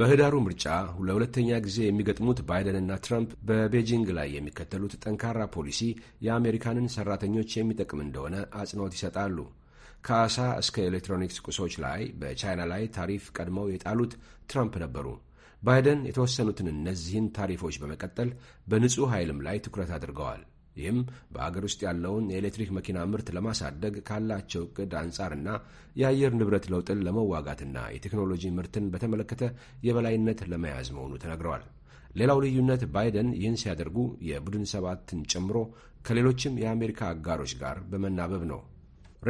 በህዳሩ ምርጫ ለሁለተኛ ጊዜ የሚገጥሙት ባይደንና ትራምፕ በቤጂንግ ላይ የሚከተሉት ጠንካራ ፖሊሲ የአሜሪካንን ሰራተኞች የሚጠቅም እንደሆነ አጽንኦት ይሰጣሉ። ከአሳ እስከ ኤሌክትሮኒክስ ቁሶች ላይ በቻይና ላይ ታሪፍ ቀድመው የጣሉት ትራምፕ ነበሩ። ባይደን የተወሰኑትን እነዚህን ታሪፎች በመቀጠል በንጹሕ ኃይልም ላይ ትኩረት አድርገዋል። ይህም በአገር ውስጥ ያለውን የኤሌክትሪክ መኪና ምርት ለማሳደግ ካላቸው እቅድ አንጻርና የአየር ንብረት ለውጥን ለመዋጋትና የቴክኖሎጂ ምርትን በተመለከተ የበላይነት ለመያዝ መሆኑ ተነግረዋል። ሌላው ልዩነት ባይደን ይህን ሲያደርጉ የቡድን ሰባትን ጨምሮ ከሌሎችም የአሜሪካ አጋሮች ጋር በመናበብ ነው።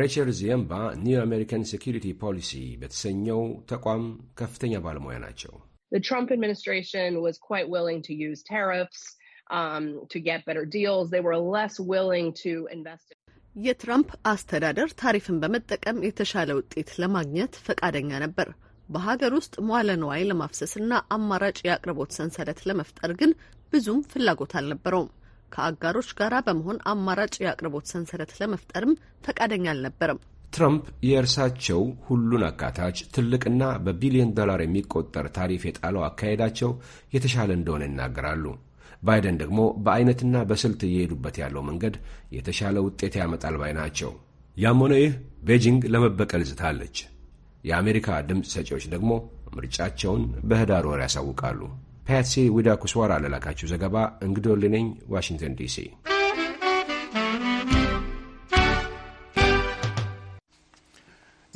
ሬቸል ዚየምባ ኒው አሜሪካን ሴኪሪቲ ፖሊሲ በተሰኘው ተቋም ከፍተኛ ባለሙያ ናቸው። the Trump administration was quite willing to use tariffs um, to get better deals. They were less willing to invest. In የትራምፕ አስተዳደር ታሪፍን በመጠቀም የተሻለ ውጤት ለማግኘት ፈቃደኛ ነበር። በሀገር ውስጥ መዋለ ንዋይ ለማፍሰስና አማራጭ የአቅርቦት ሰንሰለት ለመፍጠር ግን ብዙም ፍላጎት አልነበረውም። ከአጋሮች ጋር በመሆን አማራጭ የአቅርቦት ሰንሰለት ለመፍጠርም ፈቃደኛ አልነበረም። ትራምፕ የእርሳቸው ሁሉን አካታች ትልቅና በቢሊዮን ዶላር የሚቆጠር ታሪፍ የጣለው አካሄዳቸው የተሻለ እንደሆነ ይናገራሉ። ባይደን ደግሞ በአይነትና በስልት እየሄዱበት ያለው መንገድ የተሻለ ውጤት ያመጣል ባይ ናቸው። ያም ሆነ ይህ ቤጂንግ ለመበቀል ዝታለች። የአሜሪካ ድምፅ ሰጪዎች ደግሞ ምርጫቸውን በህዳር ወር ያሳውቃሉ። ፓትሲ ዊዳ ኩስዋራ ለላካችሁ ዘገባ እንግዶልነኝ ዋሽንግተን ዲሲ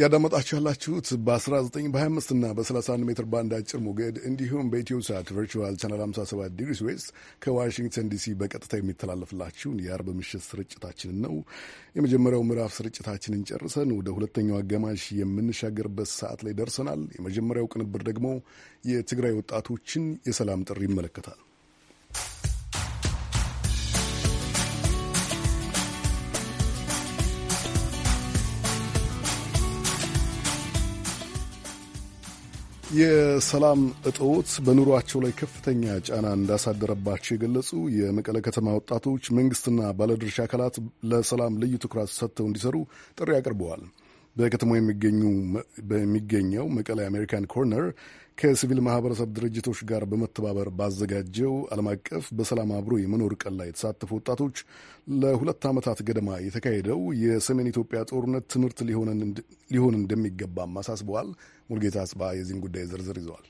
ያዳመጣችሁ ያላችሁት በ19 በ25 እና በ31 ሜትር ባንድ አጭር ሞገድ እንዲሁም በኢትዮ ሳት ቨርቹዋል ቻናል 57 ዲግሪስ ዌስት ከዋሽንግተን ዲሲ በቀጥታ የሚተላለፍላችሁን የአርብ ምሽት ስርጭታችንን ነው። የመጀመሪያው ምዕራፍ ስርጭታችንን ጨርሰን ወደ ሁለተኛው አጋማሽ የምንሻገርበት ሰዓት ላይ ደርሰናል። የመጀመሪያው ቅንብር ደግሞ የትግራይ ወጣቶችን የሰላም ጥሪ ይመለከታል። የሰላም እጦት በኑሯቸው ላይ ከፍተኛ ጫና እንዳሳደረባቸው የገለጹ የመቀለ ከተማ ወጣቶች መንግስትና ባለድርሻ አካላት ለሰላም ልዩ ትኩረት ሰጥተው እንዲሰሩ ጥሪ አቅርበዋል። በከተማው የሚገኘው መቀለ አሜሪካን ኮርነር ከሲቪል ማህበረሰብ ድርጅቶች ጋር በመተባበር ባዘጋጀው ዓለም አቀፍ በሰላም አብሮ የመኖር ቀን ላይ የተሳተፉ ወጣቶች ለሁለት ዓመታት ገደማ የተካሄደው የሰሜን ኢትዮጵያ ጦርነት ትምህርት ሊሆን እንደሚገባም አሳስበዋል። ሙልጌታ አጽባ የዚህን ጉዳይ ዝርዝር ይዘዋል።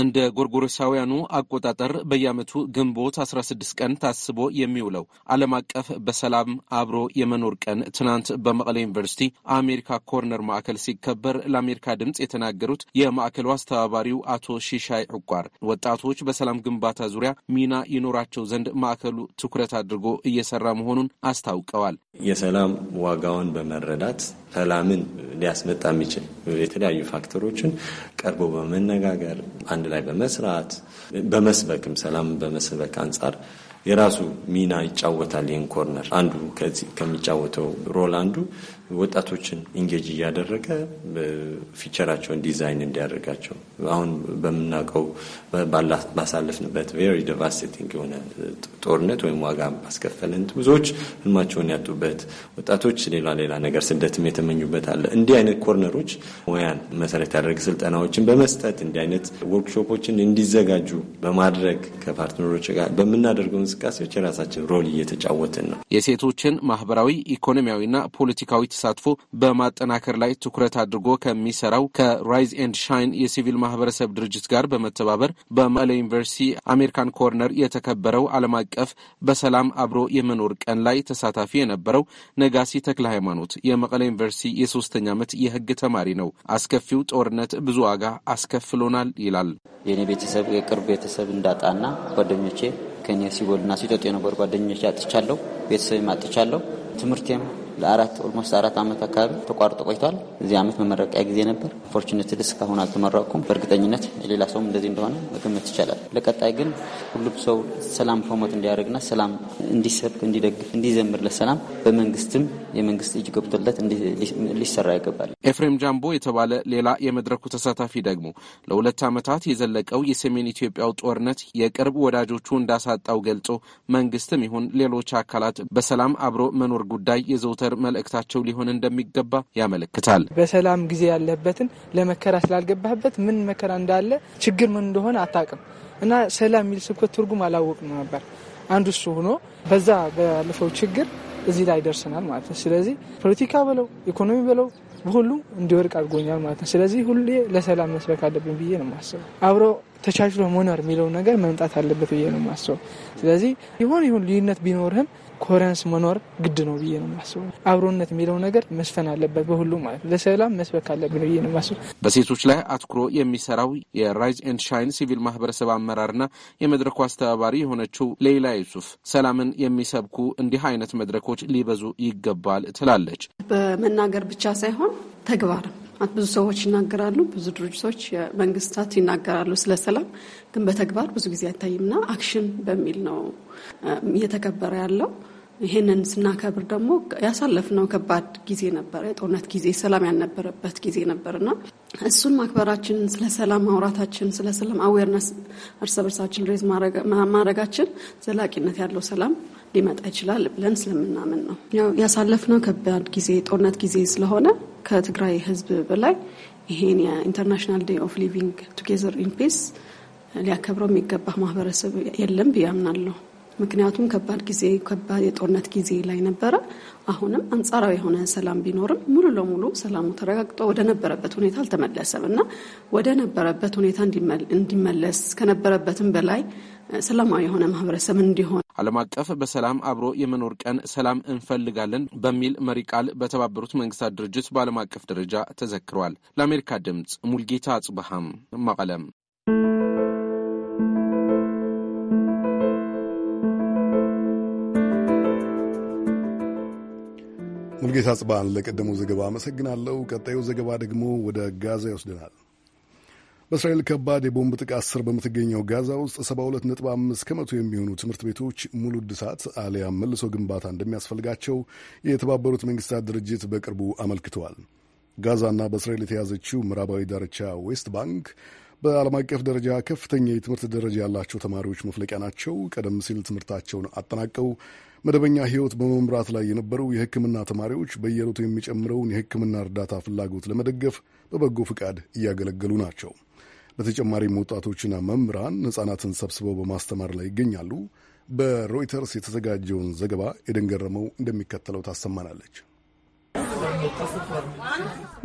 እንደ ጎርጎሮሳውያኑ አቆጣጠር በየዓመቱ ግንቦት 16 ቀን ታስቦ የሚውለው ዓለም አቀፍ በሰላም አብሮ የመኖር ቀን ትናንት በመቀለ ዩኒቨርሲቲ አሜሪካ ኮርነር ማዕከል ሲከበር ለአሜሪካ ድምፅ የተናገሩት የማዕከሉ አስተባባሪው አቶ ሺሻይ ዕቋር ወጣቶች በሰላም ግንባታ ዙሪያ ሚና ይኖራቸው ዘንድ ማዕከሉ ትኩረት አድርጎ እየሰራ መሆኑን አስታውቀዋል። የሰላም ዋጋውን በመረዳት ሰላምን ሊያስመጣ የሚችል የተለያዩ ፋክተሮችን ቀርቦ በመነጋገር አንድ ላይ በመስራት በመስበክም ሰላም በመስበክ አንጻር የራሱ ሚና ይጫወታል። ይህን ኮርነር አንዱ ከሚጫወተው ሮል አንዱ ወጣቶችን ኢንጌጅ እያደረገ ፊቸራቸውን ዲዛይን እንዲያደርጋቸው አሁን በምናውቀው ባሳለፍንበት ቬሪ ዲቫስቲንግ የሆነ ጦርነት ወይም ዋጋ ባስከፈለን ብዙዎች ህልማቸውን ያጡበት ወጣቶች ሌላ ሌላ ነገር ስደትም የተመኙበት አለ። እንዲህ አይነት ኮርነሮች ሙያን መሰረት ያደረግ ስልጠናዎችን በመስጠት እንዲህ አይነት ወርክሾፖችን እንዲዘጋጁ በማድረግ ከፓርትነሮች ጋር በምናደርገው እንቅስቃሴዎች የራሳችን ሮል እየተጫወትን ነው። የሴቶችን ማህበራዊ ኢኮኖሚያዊና ፖለቲካዊ ተሳትፎ በማጠናከር ላይ ትኩረት አድርጎ ከሚሰራው ከራይዝ ኤንድ ሻይን የሲቪል ማህበረሰብ ድርጅት ጋር በመተባበር በመቀለ ዩኒቨርሲቲ አሜሪካን ኮርነር የተከበረው ዓለም አቀፍ በሰላም አብሮ የመኖር ቀን ላይ ተሳታፊ የነበረው ነጋሲ ተክለ ሃይማኖት የመቀሌ ዩኒቨርሲቲ የሶስተኛ ዓመት የህግ ተማሪ ነው። አስከፊው ጦርነት ብዙ ዋጋ አስከፍሎናል ይላል። የኔ ቤተሰብ የቅርብ ቤተሰብ እንዳጣና ጓደኞቼ ከኔ ሲጎልና ሲጠጡ የነበሩ ጓደኞቼ አጥቻለሁ፣ ቤተሰብም አጥቻለሁ፣ ትምህርቴም ለአራት ኦልሞስት አራት ዓመት አካባቢ ተቋርጦ ቆይቷል። እዚህ ዓመት መመረቂያ ጊዜ ነበር። ፎርቹኔት ልስ እስካሁን አልተመረቅኩም። በእርግጠኝነት ሌላ ሰውም እንደዚህ እንደሆነ መገመት ይቻላል። ለቀጣይ ግን ሁሉም ሰው ሰላም ፕሮሞት እንዲያደርግና ሰላም እንዲሰብክ፣ እንዲደግፍ፣ እንዲዘምር ለሰላም በመንግስትም የመንግስት እጅ ገብቶለት ሊሰራ ይገባል። ኤፍሬም ጃምቦ የተባለ ሌላ የመድረኩ ተሳታፊ ደግሞ ለሁለት ዓመታት የዘለቀው የሰሜን ኢትዮጵያው ጦርነት የቅርብ ወዳጆቹ እንዳሳጣው ገልጾ መንግስትም ይሁን ሌሎች አካላት በሰላም አብሮ መኖር ጉዳይ የዘውተ ዶክተር መልእክታቸው ሊሆን እንደሚገባ ያመለክታል። በሰላም ጊዜ ያለበትን ለመከራ ስላልገባህበት ምን መከራ እንዳለ ችግር ምን እንደሆነ አታውቅም እና ሰላም የሚል ስብከት ትርጉም አላወቅም ነበር። አንዱ እሱ ሆኖ በዛ ባለፈው ችግር እዚህ ላይ ደርሰናል ማለት ነው። ስለዚህ ፖለቲካ በለው ኢኮኖሚ በለው በሁሉም እንዲወርቅ አድርጎኛል ማለት ነው። ስለዚህ ሁሌ ለሰላም መስበክ አለብን ብዬ ነው የማስበው። አብሮ ተቻችሎ መኖር የሚለውን ነገር መምጣት አለበት ብዬ ነው የማስበው። ስለዚህ የሆነ ይሁን ልዩነት ቢኖርህም ኮረንስ መኖር ግድ ነው ብዬ ነው የማስበው። አብሮነት የሚለው ነገር መስፈን አለበት በሁሉ ማለት ለሰላም መስበክ አለብን ብዬ ነው የማስበው። በሴቶች ላይ አትኩሮ የሚሰራው የራይዝ ኤንድ ሻይን ሲቪል ማህበረሰብ አመራርና የመድረኩ አስተባባሪ የሆነችው ሌይላ ዩሱፍ ሰላምን የሚሰብኩ እንዲህ አይነት መድረኮች ሊበዙ ይገባል ትላለች። በመናገር ብቻ ሳይሆን ተግባርም ብዙ ሰዎች ይናገራሉ፣ ብዙ ድርጅቶች፣ መንግስታት ይናገራሉ ስለ ሰላም፣ ግን በተግባር ብዙ ጊዜ አይታይምና አክሽን በሚል ነው እየተከበረ ያለው። ይሄንን ስናከብር ደግሞ ያሳለፍነው ከባድ ጊዜ ነበረ። የጦርነት ጊዜ፣ ሰላም ያልነበረበት ጊዜ ነበርና እሱን ማክበራችን፣ ስለ ሰላም ማውራታችን፣ ስለ ሰላም አዌርነስ እርስ በርሳችን ሬዝ ማድረጋችን ዘላቂነት ያለው ሰላም ሊመጣ ይችላል ብለን ስለምናምን ነው። ያው ያሳለፍነው ከባድ ጊዜ ጦርነት ጊዜ ስለሆነ ከትግራይ ሕዝብ በላይ ይሄን የኢንተርናሽናል ዴይ ኦፍ ሊቪንግ ቱጌዘር ኢን ፒስ ሊያከብረው የሚገባ ማህበረሰብ የለም ብዬ አምናለሁ። ምክንያቱም ከባድ ጊዜ ከባድ የጦርነት ጊዜ ላይ ነበረ። አሁንም አንጻራዊ የሆነ ሰላም ቢኖርም ሙሉ ለሙሉ ሰላሙ ተረጋግጦ ወደ ነበረበት ሁኔታ አልተመለሰም እና ወደ ነበረበት ሁኔታ እንዲመለስ ከነበረበትም በላይ ሰላማዊ የሆነ ማህበረሰብ እንዲሆን ዓለም አቀፍ በሰላም አብሮ የመኖር ቀን ሰላም እንፈልጋለን በሚል መሪ ቃል በተባበሩት መንግስታት ድርጅት በዓለም አቀፍ ደረጃ ተዘክሯል። ለአሜሪካ ድምፅ ሙልጌታ አጽብሃም መቀለም ሙልጌታ ጽባን ለቀደመው ዘገባ አመሰግናለሁ። ቀጣዩ ዘገባ ደግሞ ወደ ጋዛ ይወስደናል። በእስራኤል ከባድ የቦምብ ጥቃት ስር በምትገኘው ጋዛ ውስጥ 72.5 ከመቶ የሚሆኑ ትምህርት ቤቶች ሙሉ እድሳት አሊያም መልሶ ግንባታ እንደሚያስፈልጋቸው የተባበሩት መንግስታት ድርጅት በቅርቡ አመልክተዋል። ጋዛና በእስራኤል የተያዘችው ምዕራባዊ ዳርቻ ዌስት ባንክ በዓለም አቀፍ ደረጃ ከፍተኛ የትምህርት ደረጃ ያላቸው ተማሪዎች መፍለቂያ ናቸው። ቀደም ሲል ትምህርታቸውን አጠናቀው መደበኛ ህይወት በመምራት ላይ የነበሩ የህክምና ተማሪዎች በየዕለቱ የሚጨምረውን የህክምና እርዳታ ፍላጎት ለመደገፍ በበጎ ፍቃድ እያገለገሉ ናቸው። በተጨማሪም ወጣቶችና መምህራን ሕፃናትን ሰብስበው በማስተማር ላይ ይገኛሉ። በሮይተርስ የተዘጋጀውን ዘገባ የደንገረመው እንደሚከተለው ታሰማናለች።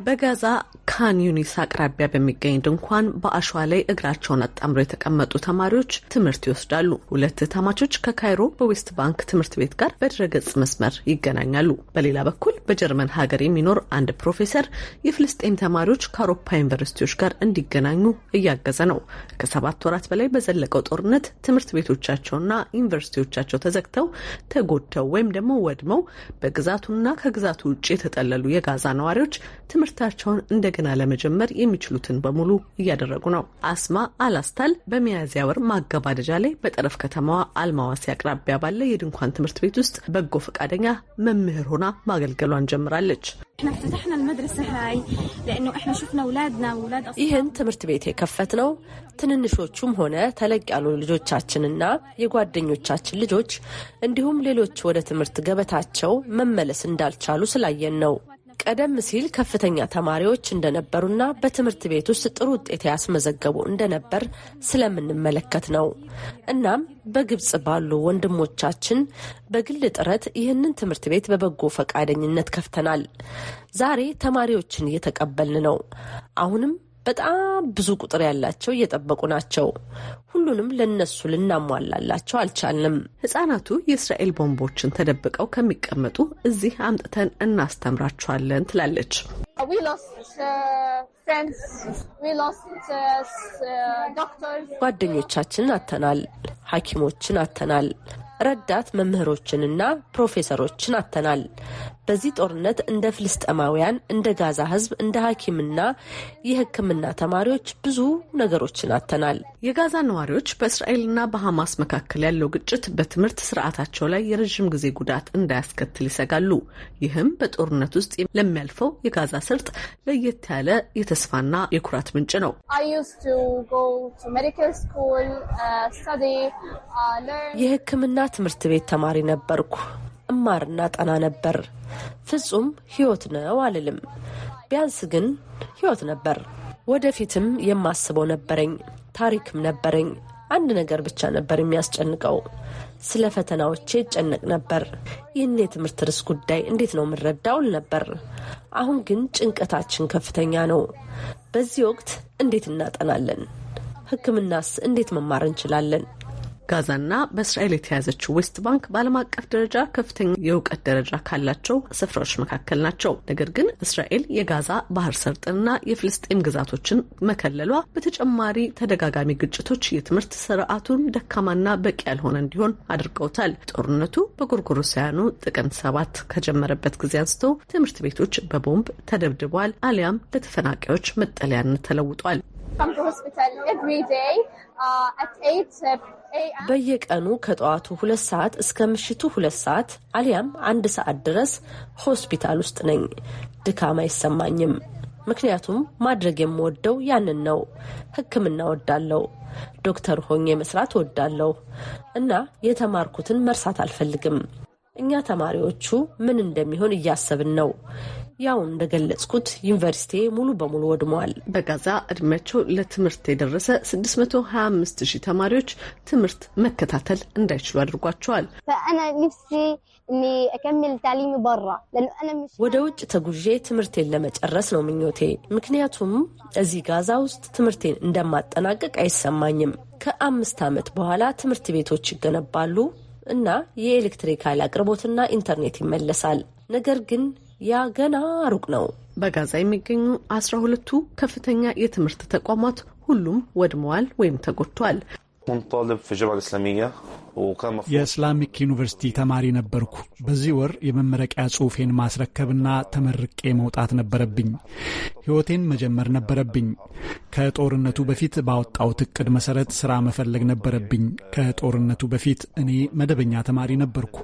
በጋዛ ካን ዩኒስ አቅራቢያ በሚገኝ ድንኳን በአሸዋ ላይ እግራቸውን አጣምረው የተቀመጡ ተማሪዎች ትምህርት ይወስዳሉ። ሁለት ታማቾች ከካይሮ በዌስት ባንክ ትምህርት ቤት ጋር በድረገጽ መስመር ይገናኛሉ። በሌላ በኩል በጀርመን ሀገር የሚኖር አንድ ፕሮፌሰር የፍልስጤም ተማሪዎች ከአውሮፓ ዩኒቨርሲቲዎች ጋር እንዲገናኙ እያገዘ ነው። ከሰባት ወራት በላይ በዘለቀው ጦርነት ትምህርት ቤቶቻቸውና ዩኒቨርሲቲዎቻቸው ተዘግተው ተጎድተው ወይም ደግሞ ወድመው በግዛቱና ከግዛቱ ውጭ የተጠለሉ የጋዛ ነዋሪዎች ትምህርታቸውን እንደገና ለመጀመር የሚችሉትን በሙሉ እያደረጉ ነው። አስማ አላስታል በሚያዝያ ወር ማገባደጃ ላይ በጠረፍ ከተማዋ አልማዋሲ አቅራቢያ ባለ የድንኳን ትምህርት ቤት ውስጥ በጎ ፈቃደኛ መምህር ሆና ማገልገሏን ጀምራለች። ይህን ትምህርት ቤት የከፈት ነው ትንንሾቹም ሆነ ተለቅ ያሉ ልጆቻችንና የጓደኞቻችን ልጆች እንዲሁም ሌሎች ወደ ትምህርት ገበታቸው መመለስ እንዳልቻሉ ስላየን ነው። ቀደም ሲል ከፍተኛ ተማሪዎች እንደነበሩና በትምህርት ቤት ውስጥ ጥሩ ውጤት ያስመዘገቡ እንደነበር ስለምንመለከት ነው። እናም በግብጽ ባሉ ወንድሞቻችን በግል ጥረት ይህንን ትምህርት ቤት በበጎ ፈቃደኝነት ከፍተናል። ዛሬ ተማሪዎችን እየተቀበልን ነው። አሁንም በጣም ብዙ ቁጥር ያላቸው እየጠበቁ ናቸው። ሁሉንም ለነሱ ልናሟላላቸው አልቻልንም። ህጻናቱ የእስራኤል ቦምቦችን ተደብቀው ከሚቀመጡ እዚህ አምጥተን እናስተምራቸዋለን ትላለች። uh, uh, uh, ጓደኞቻችንን አተናል፣ ሐኪሞችን አተናል፣ ረዳት መምህሮችንና ፕሮፌሰሮችን አተናል። በዚህ ጦርነት እንደ ፍልስጠማውያን እንደ ጋዛ ህዝብ፣ እንደ ሐኪምና የህክምና ተማሪዎች ብዙ ነገሮችን አተናል። የጋዛ ነዋሪዎች በእስራኤልና በሐማስ መካከል ያለው ግጭት በትምህርት ስርዓታቸው ላይ የረዥም ጊዜ ጉዳት እንዳያስከትል ይሰጋሉ። ይህም በጦርነት ውስጥ ለሚያልፈው የጋዛ ስርጥ ለየት ያለ የተስፋና የኩራት ምንጭ ነው። uh, uh, የህክምና ትምህርት ቤት ተማሪ ነበርኩ። እማርና ጠና ነበር። ፍጹም ህይወት ነው አልልም፣ ቢያንስ ግን ህይወት ነበር። ወደፊትም የማስበው ነበረኝ፣ ታሪክም ነበረኝ። አንድ ነገር ብቻ ነበር የሚያስጨንቀው፣ ስለ ፈተናዎቼ ይጨነቅ ነበር። ይህን የትምህርት ርዕስ ጉዳይ እንዴት ነው ምረዳውል ነበር። አሁን ግን ጭንቀታችን ከፍተኛ ነው። በዚህ ወቅት እንዴት እናጠናለን? ህክምናስ እንዴት መማር እንችላለን? ጋዛና በእስራኤል የተያዘችው ዌስት ባንክ በዓለም አቀፍ ደረጃ ከፍተኛ የእውቀት ደረጃ ካላቸው ስፍራዎች መካከል ናቸው። ነገር ግን እስራኤል የጋዛ ባህር ሰርጥንና የፍልስጤም ግዛቶችን መከለሏ በተጨማሪ ተደጋጋሚ ግጭቶች የትምህርት ስርዓቱን ደካማና በቂ ያልሆነ እንዲሆን አድርገውታል። ጦርነቱ በጎርጎሮሳውያኑ ጥቅምት ሰባት ከጀመረበት ጊዜ አንስቶ ትምህርት ቤቶች በቦምብ ተደብድበዋል፣ አሊያም ለተፈናቃዮች መጠለያነት ተለውጧል። Uh, uh, በየቀኑ ከጠዋቱ ሁለት ሰዓት እስከ ምሽቱ ሁለት ሰዓት አሊያም አንድ ሰዓት ድረስ ሆስፒታል ውስጥ ነኝ። ድካም አይሰማኝም፣ ምክንያቱም ማድረግ የምወደው ያንን ነው። ሕክምና ወዳለው፣ ዶክተር ሆኜ መስራት ወዳለው እና የተማርኩትን መርሳት አልፈልግም። እኛ ተማሪዎቹ ምን እንደሚሆን እያሰብን ነው። ያው እንደገለጽኩት ዩኒቨርሲቲ ሙሉ በሙሉ ወድመዋል። በጋዛ እድሜያቸው ለትምህርት የደረሰ 625 ሺህ ተማሪዎች ትምህርት መከታተል እንዳይችሉ አድርጓቸዋል። ወደ ውጭ ተጉዤ ትምህርቴን ለመጨረስ ነው ምኞቴ። ምክንያቱም እዚህ ጋዛ ውስጥ ትምህርቴን እንደማጠናቀቅ አይሰማኝም። ከአምስት ዓመት በኋላ ትምህርት ቤቶች ይገነባሉ እና የኤሌክትሪክ ኃይል አቅርቦትና ኢንተርኔት ይመለሳል። ነገር ግን ያ ገና ሩቅ ነው። በጋዛ የሚገኙ አስራ ሁለቱ ከፍተኛ የትምህርት ተቋማት ሁሉም ወድመዋል ወይም ተጎድተዋል። የእስላሚክ ዩኒቨርሲቲ ተማሪ ነበርኩ። በዚህ ወር የመመረቂያ ጽሑፌን ማስረከብና ተመርቄ መውጣት ነበረብኝ። ሕይወቴን መጀመር ነበረብኝ። ከጦርነቱ በፊት ባወጣሁት እቅድ መሰረት ስራ መፈለግ ነበረብኝ። ከጦርነቱ በፊት እኔ መደበኛ ተማሪ ነበርኩ።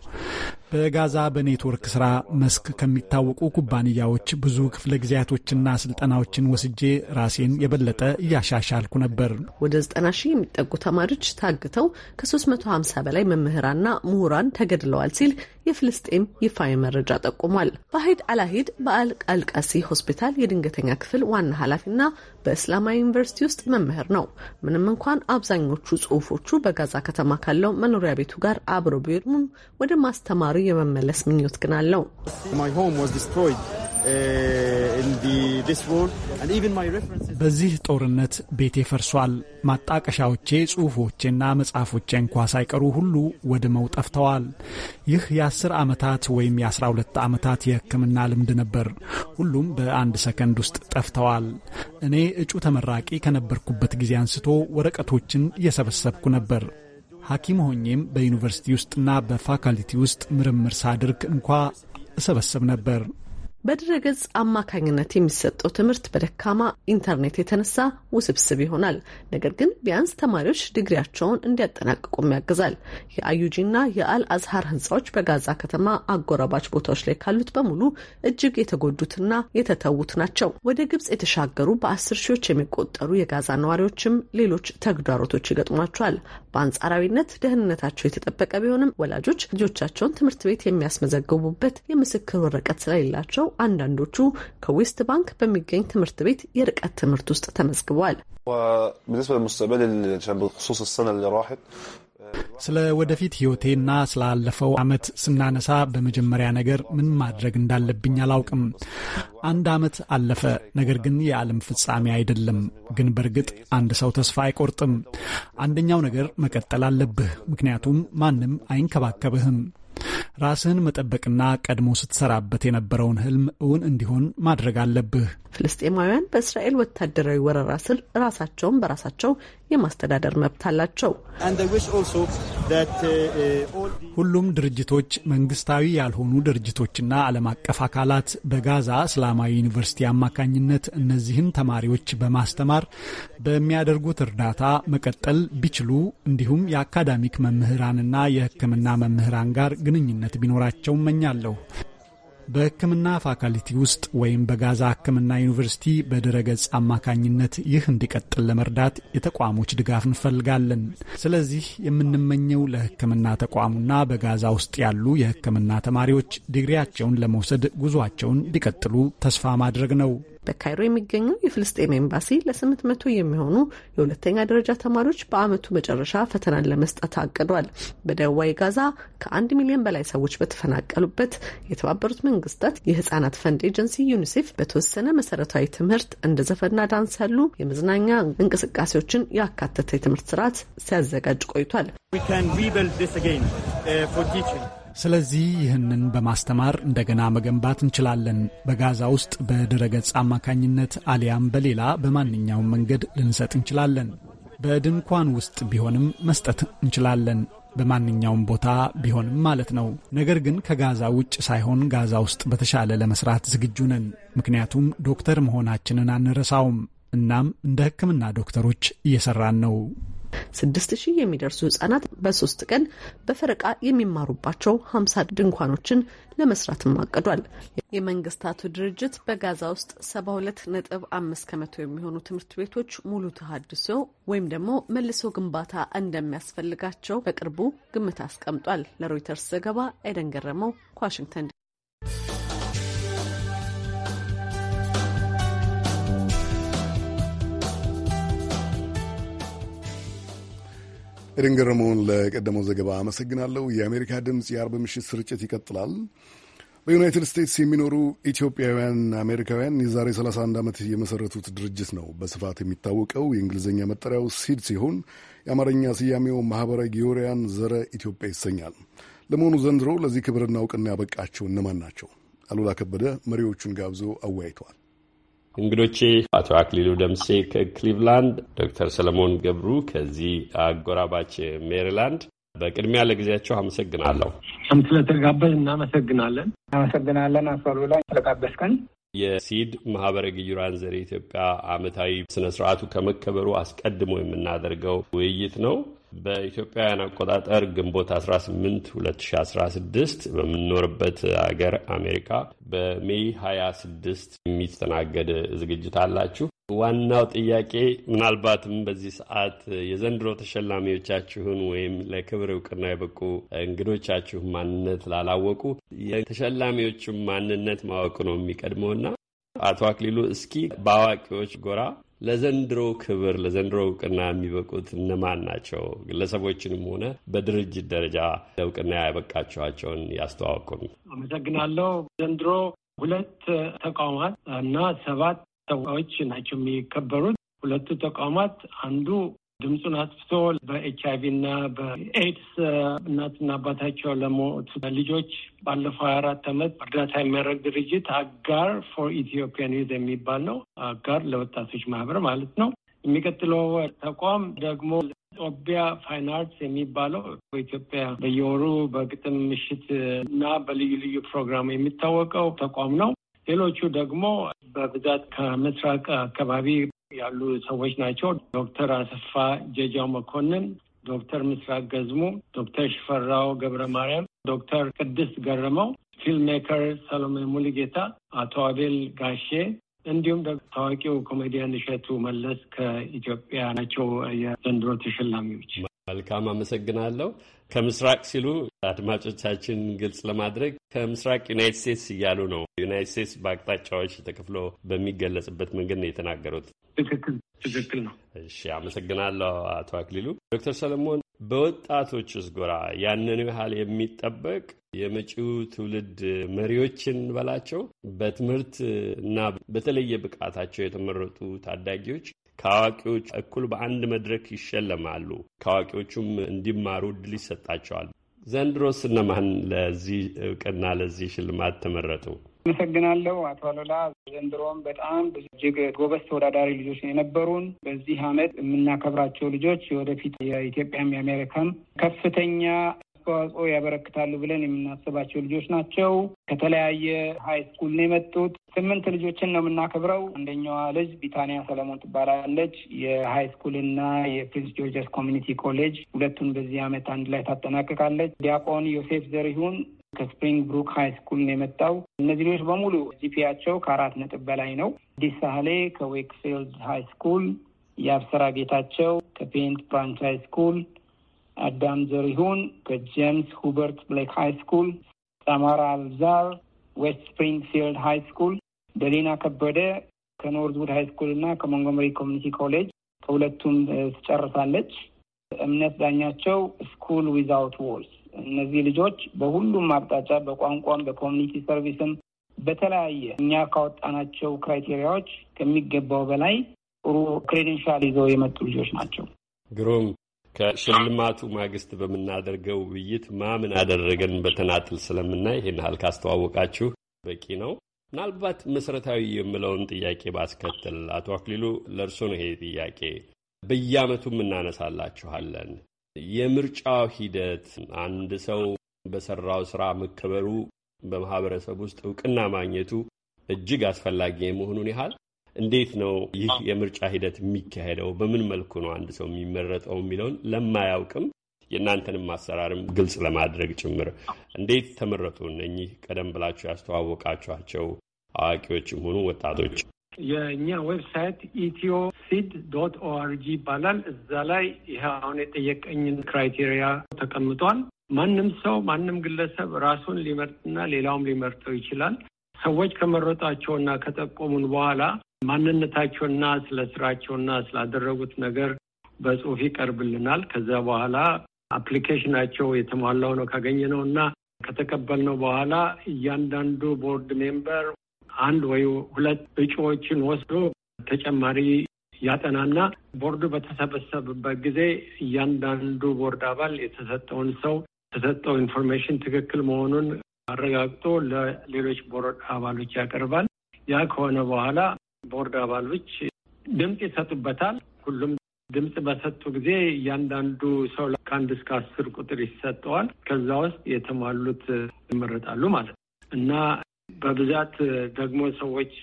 በጋዛ በኔትወርክ ስራ መስክ ከሚታወቁ ኩባንያዎች ብዙ ክፍለ ጊዜያቶችና ስልጠናዎችን ወስጄ ራሴን የበለጠ እያሻሻልኩ ነበር። ወደ 90 ሺህ የሚጠጉ ተማሪዎች ታግተው ከ350 በላይ መምህራንና ምሁራን ተገድለዋል ሲል የፍልስጤም ይፋዊ መረጃ ጠቁሟል። ፋሂድ አላሂድ በአልቃልቃሲ ሆስፒታል የድንገተኛ ክፍል ዋና ኃላፊና በእስላማዊ ዩኒቨርሲቲ ውስጥ መምህር ነው። ምንም እንኳን አብዛኞቹ ጽሁፎቹ በጋዛ ከተማ ካለው መኖሪያ ቤቱ ጋር አብሮ ቢሄዱም ወደ ማስተማሩ የመመለስ ምኞት ግን አለው። uh, በዚህ ጦርነት ቤቴ ፈርሷል። ማጣቀሻዎቼ፣ ጽሁፎቼና መጽሐፎቼ እንኳ ሳይቀሩ ሁሉ ወድመው ጠፍተዋል። ይህ የ10 ዓመታት ወይም የ12 ዓመታት የሕክምና ልምድ ነበር። ሁሉም በአንድ ሰከንድ ውስጥ ጠፍተዋል። እኔ እጩ ተመራቂ ከነበርኩበት ጊዜ አንስቶ ወረቀቶችን እየሰበሰብኩ ነበር። ሐኪም ሆኜም በዩኒቨርሲቲ ውስጥና በፋካልቲ ውስጥ ምርምር ሳድርግ እንኳ እሰበሰብ ነበር። በድረገጽ አማካኝነት የሚሰጠው ትምህርት በደካማ ኢንተርኔት የተነሳ ውስብስብ ይሆናል። ነገር ግን ቢያንስ ተማሪዎች ድግሪያቸውን እንዲያጠናቅቁም ያግዛል። የአዩጂና የአል አዝሃር ህንፃዎች በጋዛ ከተማ አጎራባች ቦታዎች ላይ ካሉት በሙሉ እጅግ የተጎዱትና የተተዉት ናቸው። ወደ ግብጽ የተሻገሩ በአስር ሺዎች የሚቆጠሩ የጋዛ ነዋሪዎችም ሌሎች ተግዳሮቶች ይገጥሟቸዋል። በአንጻራዊነት ደህንነታቸው የተጠበቀ ቢሆንም ወላጆች ልጆቻቸውን ትምህርት ቤት የሚያስመዘግቡበት የምስክር ወረቀት ስለሌላቸው አንዳንዶቹ ከዌስት ባንክ በሚገኝ ትምህርት ቤት የርቀት ትምህርት ውስጥ ተመዝግቧል። ስለ ወደፊት ህይወቴና ስላለፈው ዓመት ስናነሳ በመጀመሪያ ነገር ምን ማድረግ እንዳለብኝ አላውቅም። አንድ አመት አለፈ፣ ነገር ግን የዓለም ፍጻሜ አይደለም። ግን በእርግጥ አንድ ሰው ተስፋ አይቆርጥም። አንደኛው ነገር መቀጠል አለብህ፣ ምክንያቱም ማንም አይንከባከብህም። ራስህን መጠበቅና ቀድሞ ስትሰራበት የነበረውን ህልም እውን እንዲሆን ማድረግ አለብህ። ፍልስጤማውያን በእስራኤል ወታደራዊ ወረራ ስር ራሳቸውን በራሳቸው የማስተዳደር መብት አላቸው። uh, uh, ሁሉም ድርጅቶች፣ መንግስታዊ ያልሆኑ ድርጅቶችና ዓለም አቀፍ አካላት በጋዛ እስላማዊ ዩኒቨርሲቲ አማካኝነት እነዚህን ተማሪዎች በማስተማር በሚያደርጉት እርዳታ መቀጠል ቢችሉ እንዲሁም የአካዳሚክ መምህራንና የሕክምና መምህራን ጋር ግንኙነት ቢኖራቸው እመኛለሁ። በሕክምና ፋካልቲ ውስጥ ወይም በጋዛ ሕክምና ዩኒቨርሲቲ በድረገጽ አማካኝነት ይህ እንዲቀጥል ለመርዳት የተቋሞች ድጋፍ እንፈልጋለን። ስለዚህ የምንመኘው ለሕክምና ተቋሙና በጋዛ ውስጥ ያሉ የሕክምና ተማሪዎች ዲግሪያቸውን ለመውሰድ ጉዟቸውን እንዲቀጥሉ ተስፋ ማድረግ ነው። በካይሮ የሚገኘው የፍልስጤም ኤምባሲ ለስምንት መቶ የሚሆኑ የሁለተኛ ደረጃ ተማሪዎች በዓመቱ መጨረሻ ፈተናን ለመስጠት አቅዷል። በደቡባዊ ጋዛ ከአንድ ሚሊዮን በላይ ሰዎች በተፈናቀሉበት የተባበሩት መንግስታት የህጻናት ፈንድ ኤጀንሲ ዩኒሴፍ በተወሰነ መሰረታዊ ትምህርት እንደ ዘፈና ዳንስ ያሉ የመዝናኛ እንቅስቃሴዎችን ያካተተ የትምህርት ስርዓት ሲያዘጋጅ ቆይቷል። ስለዚህ ይህንን በማስተማር እንደገና መገንባት እንችላለን። በጋዛ ውስጥ በድረገጽ አማካኝነት አሊያም በሌላ በማንኛውም መንገድ ልንሰጥ እንችላለን። በድንኳን ውስጥ ቢሆንም መስጠት እንችላለን። በማንኛውም ቦታ ቢሆንም ማለት ነው። ነገር ግን ከጋዛ ውጭ ሳይሆን ጋዛ ውስጥ በተሻለ ለመስራት ዝግጁ ነን። ምክንያቱም ዶክተር መሆናችንን አንረሳውም። እናም እንደ ሕክምና ዶክተሮች እየሰራን ነው። ስድስት ሺህ የሚደርሱ ህጻናት በሶስት ቀን በፈረቃ የሚማሩባቸው ሀምሳ ድንኳኖችን ለመስራትም አቅዷል። የመንግስታቱ ድርጅት በጋዛ ውስጥ ሰባ ሁለት ነጥብ አምስት ከመቶ የሚሆኑ ትምህርት ቤቶች ሙሉ ተሀድሶ ወይም ደግሞ መልሶ ግንባታ እንደሚያስፈልጋቸው በቅርቡ ግምት አስቀምጧል። ለሮይተርስ ዘገባ አይደን ገረመው ከዋሽንግተን ኤደን ገረመውን ለቀደመው ዘገባ አመሰግናለሁ። የአሜሪካ ድምፅ የአርብ ምሽት ስርጭት ይቀጥላል። በዩናይትድ ስቴትስ የሚኖሩ ኢትዮጵያውያን አሜሪካውያን የዛሬ 31 ዓመት የመሠረቱት ድርጅት ነው። በስፋት የሚታወቀው የእንግሊዝኛ መጠሪያው ሲድ ሲሆን የአማርኛ ስያሜው ማኅበረ ጊዮርያን ዘረ ኢትዮጵያ ይሰኛል። ለመሆኑ ዘንድሮ ለዚህ ክብርና እውቅና ያበቃቸው እነማን ናቸው? አሉላ ከበደ መሪዎቹን ጋብዞ አወያይተዋል። እንግዶቼ አቶ አክሊሉ ደምሴ ከክሊቭላንድ፣ ዶክተር ሰለሞን ገብሩ ከዚህ አጎራባች ሜሪላንድ፣ በቅድሚያ ለጊዜያቸው አመሰግናለሁ። ስለተጋበዝ እናመሰግናለን። አመሰግናለን አቶ ላይ ስለጋበዝከን። የሲድ ማህበረ ግዩራን ዘር ኢትዮጵያ አመታዊ ስነ ስርዓቱ ከመከበሩ አስቀድሞ የምናደርገው ውይይት ነው። በኢትዮጵያውያን አቆጣጠር ግንቦት 18 2016 በምንኖርበት አገር አሜሪካ በሜይ 26 የሚስተናገድ ዝግጅት አላችሁ። ዋናው ጥያቄ ምናልባትም በዚህ ሰዓት የዘንድሮ ተሸላሚዎቻችሁን ወይም ለክብር እውቅና የበቁ እንግዶቻችሁ ማንነት ላላወቁ የተሸላሚዎቹን ማንነት ማወቅ ነው የሚቀድመውና አቶ አክሊሉ እስኪ በአዋቂዎች ጎራ ለዘንድሮ ክብር ለዘንድሮ እውቅና የሚበቁት እነማን ናቸው? ግለሰቦችንም ሆነ በድርጅት ደረጃ እውቅና ያበቃችኋቸውን ያስተዋወቁን። አመሰግናለሁ። ዘንድሮ ሁለት ተቋማት እና ሰባት ሰዎች ናቸው የሚከበሩት። ሁለቱ ተቋማት አንዱ ድምፁን አጥፍቶ በኤች አይቪ እና በኤድስ እናትና አባታቸው ለሞቱ ልጆች ባለፈው ሀያ አራት ዓመት እርዳታ የሚያደርግ ድርጅት አጋር ፎር ኢትዮጵያን ዩዝ የሚባል ነው። አጋር ለወጣቶች ማህበር ማለት ነው። የሚቀጥለው ተቋም ደግሞ ኦቢያ ፋይን አርትስ የሚባለው በኢትዮጵያ በየወሩ በግጥም ምሽት እና በልዩ ልዩ ፕሮግራም የሚታወቀው ተቋም ነው። ሌሎቹ ደግሞ በብዛት ከምስራቅ አካባቢ ያሉ ሰዎች ናቸው። ዶክተር አሰፋ ጀጃው መኮንን፣ ዶክተር ምስራቅ ገዝሙ፣ ዶክተር ሽፈራው ገብረ ማርያም፣ ዶክተር ቅድስት ገረመው፣ ፊልም ሜከር ሰሎሜ ሙሉጌታ፣ አቶ አቤል ጋሼ እንዲሁም ታዋቂው ኮሜዲያን እሸቱ መለስ ከኢትዮጵያ ናቸው የዘንድሮ ተሸላሚዎች። መልካም አመሰግናለሁ። ከምስራቅ ሲሉ አድማጮቻችን ግልጽ ለማድረግ ከምስራቅ ዩናይት ስቴትስ እያሉ ነው። ዩናይት ስቴትስ በአቅጣጫዎች ተከፍሎ በሚገለጽበት መንገድ ነው የተናገሩት። ትክክል ነው። እሺ አመሰግናለሁ አቶ አክሊሉ። ዶክተር ሰለሞን በወጣቶች ውስጥ ጎራ ያንን ያህል የሚጠበቅ የመጪው ትውልድ መሪዎችን በላቸው በትምህርት እና በተለየ ብቃታቸው የተመረጡ ታዳጊዎች ከአዋቂዎች እኩል በአንድ መድረክ ይሸለማሉ። ከአዋቂዎቹም እንዲማሩ እድል ይሰጣቸዋል። ዘንድሮስ እነማን ለዚህ እውቅና ለዚህ ሽልማት ተመረጡ? አመሰግናለሁ አቶ አሉላ። ዘንድሮም በጣም ብዙ እጅግ ጎበዝ ተወዳዳሪ ልጆች የነበሩን በዚህ አመት የምናከብራቸው ልጆች የወደፊት የኢትዮጵያም የአሜሪካም ከፍተኛ አስተዋጽኦ ያበረክታሉ ብለን የምናስባቸው ልጆች ናቸው። ከተለያየ ሀይ ስኩል ነው የመጡት። ስምንት ልጆችን ነው የምናከብረው። አንደኛዋ ልጅ ቢታንያ ሰለሞን ትባላለች። የሀይ ስኩል የፕሪንስ ጆርጀስ ኮሚኒቲ ኮሌጅ ሁለቱን በዚህ ዓመት አንድ ላይ ታጠናቅቃለች። ዲያቆን ዮሴፍ ዘሪሁን ከስፕሪንግ ብሩክ ሀይ ስኩል ነው የመጣው። እነዚህ ልጆች በሙሉ ጂፒያቸው ከአራት ነጥብ በላይ ነው። አዲስ ከዌክፊልድ ሀይ ስኩል፣ የአብሰራ ጌታቸው ከፔንት ፍራንቻይዝ ስኩል አዳም ዘሪሁን ከጄምስ ሁበርት ብሌክ ሃይ ስኩል፣ ሰማራ አልዛር ዌስት ስፕሪንግፊልድ ሃይ ስኩል፣ ደሊና ከበደ ከኖርዝውድ ሃይ ስኩል እና ከሞንጎመሪ ኮሚኒቲ ኮሌጅ ከሁለቱም ትጨርሳለች። እምነት ዳኛቸው ስኩል ዊዛውት ዎልስ። እነዚህ ልጆች በሁሉም አቅጣጫ በቋንቋም በኮሚኒቲ ሰርቪስም በተለያየ እኛ ካወጣናቸው ክራይቴሪያዎች ከሚገባው በላይ ጥሩ ክሬደንሻል ይዘው የመጡ ልጆች ናቸው። ግሩም ከሽልማቱ ማግስት በምናደርገው ውይይት ማምን አደረገን በተናጥል ስለምናይ ይህን ያህል ካስተዋወቃችሁ በቂ ነው። ምናልባት መሰረታዊ የምለውን ጥያቄ ባስከትል፣ አቶ አክሊሉ ለእርሶ ነው ይሄ ጥያቄ። በየአመቱ እናነሳላችኋለን። የምርጫው ሂደት አንድ ሰው በሰራው ስራ መከበሩ፣ በማህበረሰብ ውስጥ እውቅና ማግኘቱ እጅግ አስፈላጊ የመሆኑን ያህል እንዴት ነው ይህ የምርጫ ሂደት የሚካሄደው? በምን መልኩ ነው አንድ ሰው የሚመረጠው የሚለውን ለማያውቅም የእናንተንም አሰራርም ግልጽ ለማድረግ ጭምር እንዴት ተመረጡ እነኚህ ቀደም ብላችሁ ያስተዋወቃችኋቸው አዋቂዎችም ሆኑ ወጣቶች? የእኛ ዌብሳይት ኢትዮ ሲድ ዶት ኦአርጂ ይባላል። እዛ ላይ ይህ አሁን የጠየቀኝን ክራይቴሪያ ተቀምጧል። ማንም ሰው ማንም ግለሰብ ራሱን ሊመርጥና ሌላውም ሊመርጠው ይችላል። ሰዎች ከመረጧቸውና ከጠቆሙን በኋላ ማንነታቸውና ስለ ስራቸውና ስላደረጉት ነገር በጽሁፍ ይቀርብልናል። ከዛ በኋላ አፕሊኬሽናቸው የተሟላው ነው ካገኘነው እና ከተቀበልነው በኋላ እያንዳንዱ ቦርድ ሜምበር አንድ ወይ ሁለት እጩዎችን ወስዶ ተጨማሪ ያጠናና ቦርዱ በተሰበሰበበት ጊዜ እያንዳንዱ ቦርድ አባል የተሰጠውን ሰው የተሰጠው ኢንፎርሜሽን ትክክል መሆኑን አረጋግጦ ለሌሎች ቦርድ አባሎች ያቀርባል። ያ ከሆነ በኋላ ቦርድ አባሎች ድምፅ ይሰጡበታል። ሁሉም ድምፅ በሰጡ ጊዜ እያንዳንዱ ሰው ከአንድ እስከ አስር ቁጥር ይሰጠዋል። ከዛ ውስጥ የተሟሉት ይመረጣሉ ማለት ነው እና በብዛት ደግሞ ሰዎች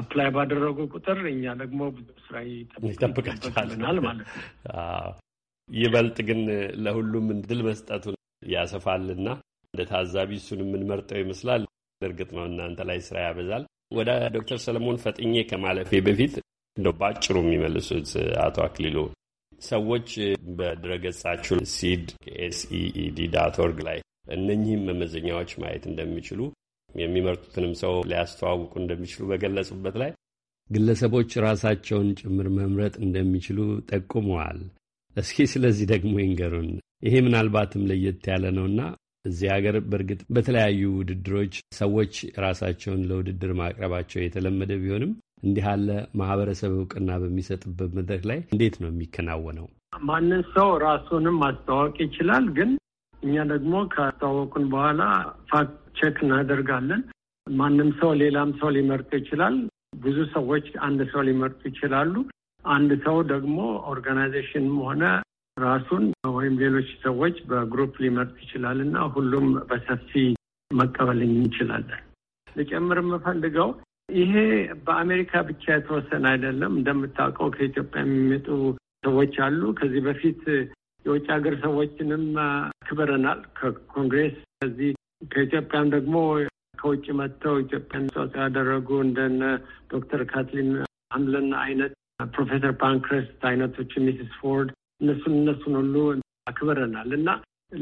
አፕላይ ባደረጉ ቁጥር እኛ ደግሞ ብዙ ስራ ይጠብቃቸዋልናል ማለት ነው። ይበልጥ ግን ለሁሉም እድል መስጠቱን ያሰፋልና እንደ ታዛቢ እሱን የምንመርጠው ይመስላል። እርግጥ ነው እናንተ ላይ ስራ ያበዛል። ወደ ዶክተር ሰለሞን ፈጥኜ ከማለፌ በፊት እንደው ባጭሩ የሚመልሱት አቶ አክሊሉ ሰዎች በድረገጻችሁ ሲድ ኤስኢኢዲ ዳት ኦርግ ላይ እነኚህም መመዘኛዎች ማየት እንደሚችሉ የሚመርጡትንም ሰው ሊያስተዋውቁ እንደሚችሉ በገለጹበት ላይ ግለሰቦች ራሳቸውን ጭምር መምረጥ እንደሚችሉ ጠቁመዋል። እስኪ ስለዚህ ደግሞ ይንገሩን። ይሄ ምናልባትም ለየት ያለ ነውና እዚህ ሀገር በእርግጥ በተለያዩ ውድድሮች ሰዎች ራሳቸውን ለውድድር ማቅረባቸው የተለመደ ቢሆንም እንዲህ ያለ ማህበረሰብ እውቅና በሚሰጥበት መድረክ ላይ እንዴት ነው የሚከናወነው? ማንን ሰው ራሱንም ማስተዋወቅ ይችላል። ግን እኛ ደግሞ ካስተዋወቁን በኋላ ፋክት ቼክ እናደርጋለን። ማንም ሰው ሌላም ሰው ሊመርጡ ይችላል። ብዙ ሰዎች አንድ ሰው ሊመርጡ ይችላሉ። አንድ ሰው ደግሞ ኦርጋናይዜሽንም ሆነ ራሱን ወይም ሌሎች ሰዎች በግሩፕ ሊመርጥ ይችላል እና ሁሉም በሰፊ መቀበል እንችላለን። ልጨምር የምፈልገው ይሄ በአሜሪካ ብቻ የተወሰነ አይደለም። እንደምታውቀው ከኢትዮጵያ የሚመጡ ሰዎች አሉ። ከዚህ በፊት የውጭ ሀገር ሰዎችንም ክብረናል ከኮንግሬስ። ከዚህ ከኢትዮጵያም ደግሞ ከውጭ መጥተው ኢትዮጵያን ሰው ያደረጉ እንደነ ዶክተር ካትሊን ሀምለን አይነት ፕሮፌሰር ፓንክረስት አይነቶች፣ ሚስስ ፎርድ እነሱን እነሱን ሁሉ አክብረናል እና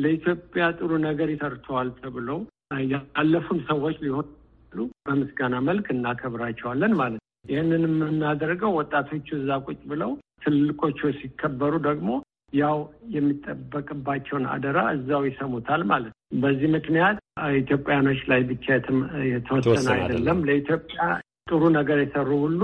ለኢትዮጵያ ጥሩ ነገር ይሰርተዋል ተብሎ ያለፉን ሰዎች ሊሆኑ በምስጋና መልክ እናከብራቸዋለን ማለት ነው። ይህንን የምናደርገው ወጣቶቹ እዛ ቁጭ ብለው ትልቆቹ ሲከበሩ ደግሞ ያው የሚጠበቅባቸውን አደራ እዛው ይሰሙታል ማለት ነው። በዚህ ምክንያት ኢትዮጵያኖች ላይ ብቻ የተወሰነ አይደለም። ለኢትዮጵያ ጥሩ ነገር የሰሩ ሁሉ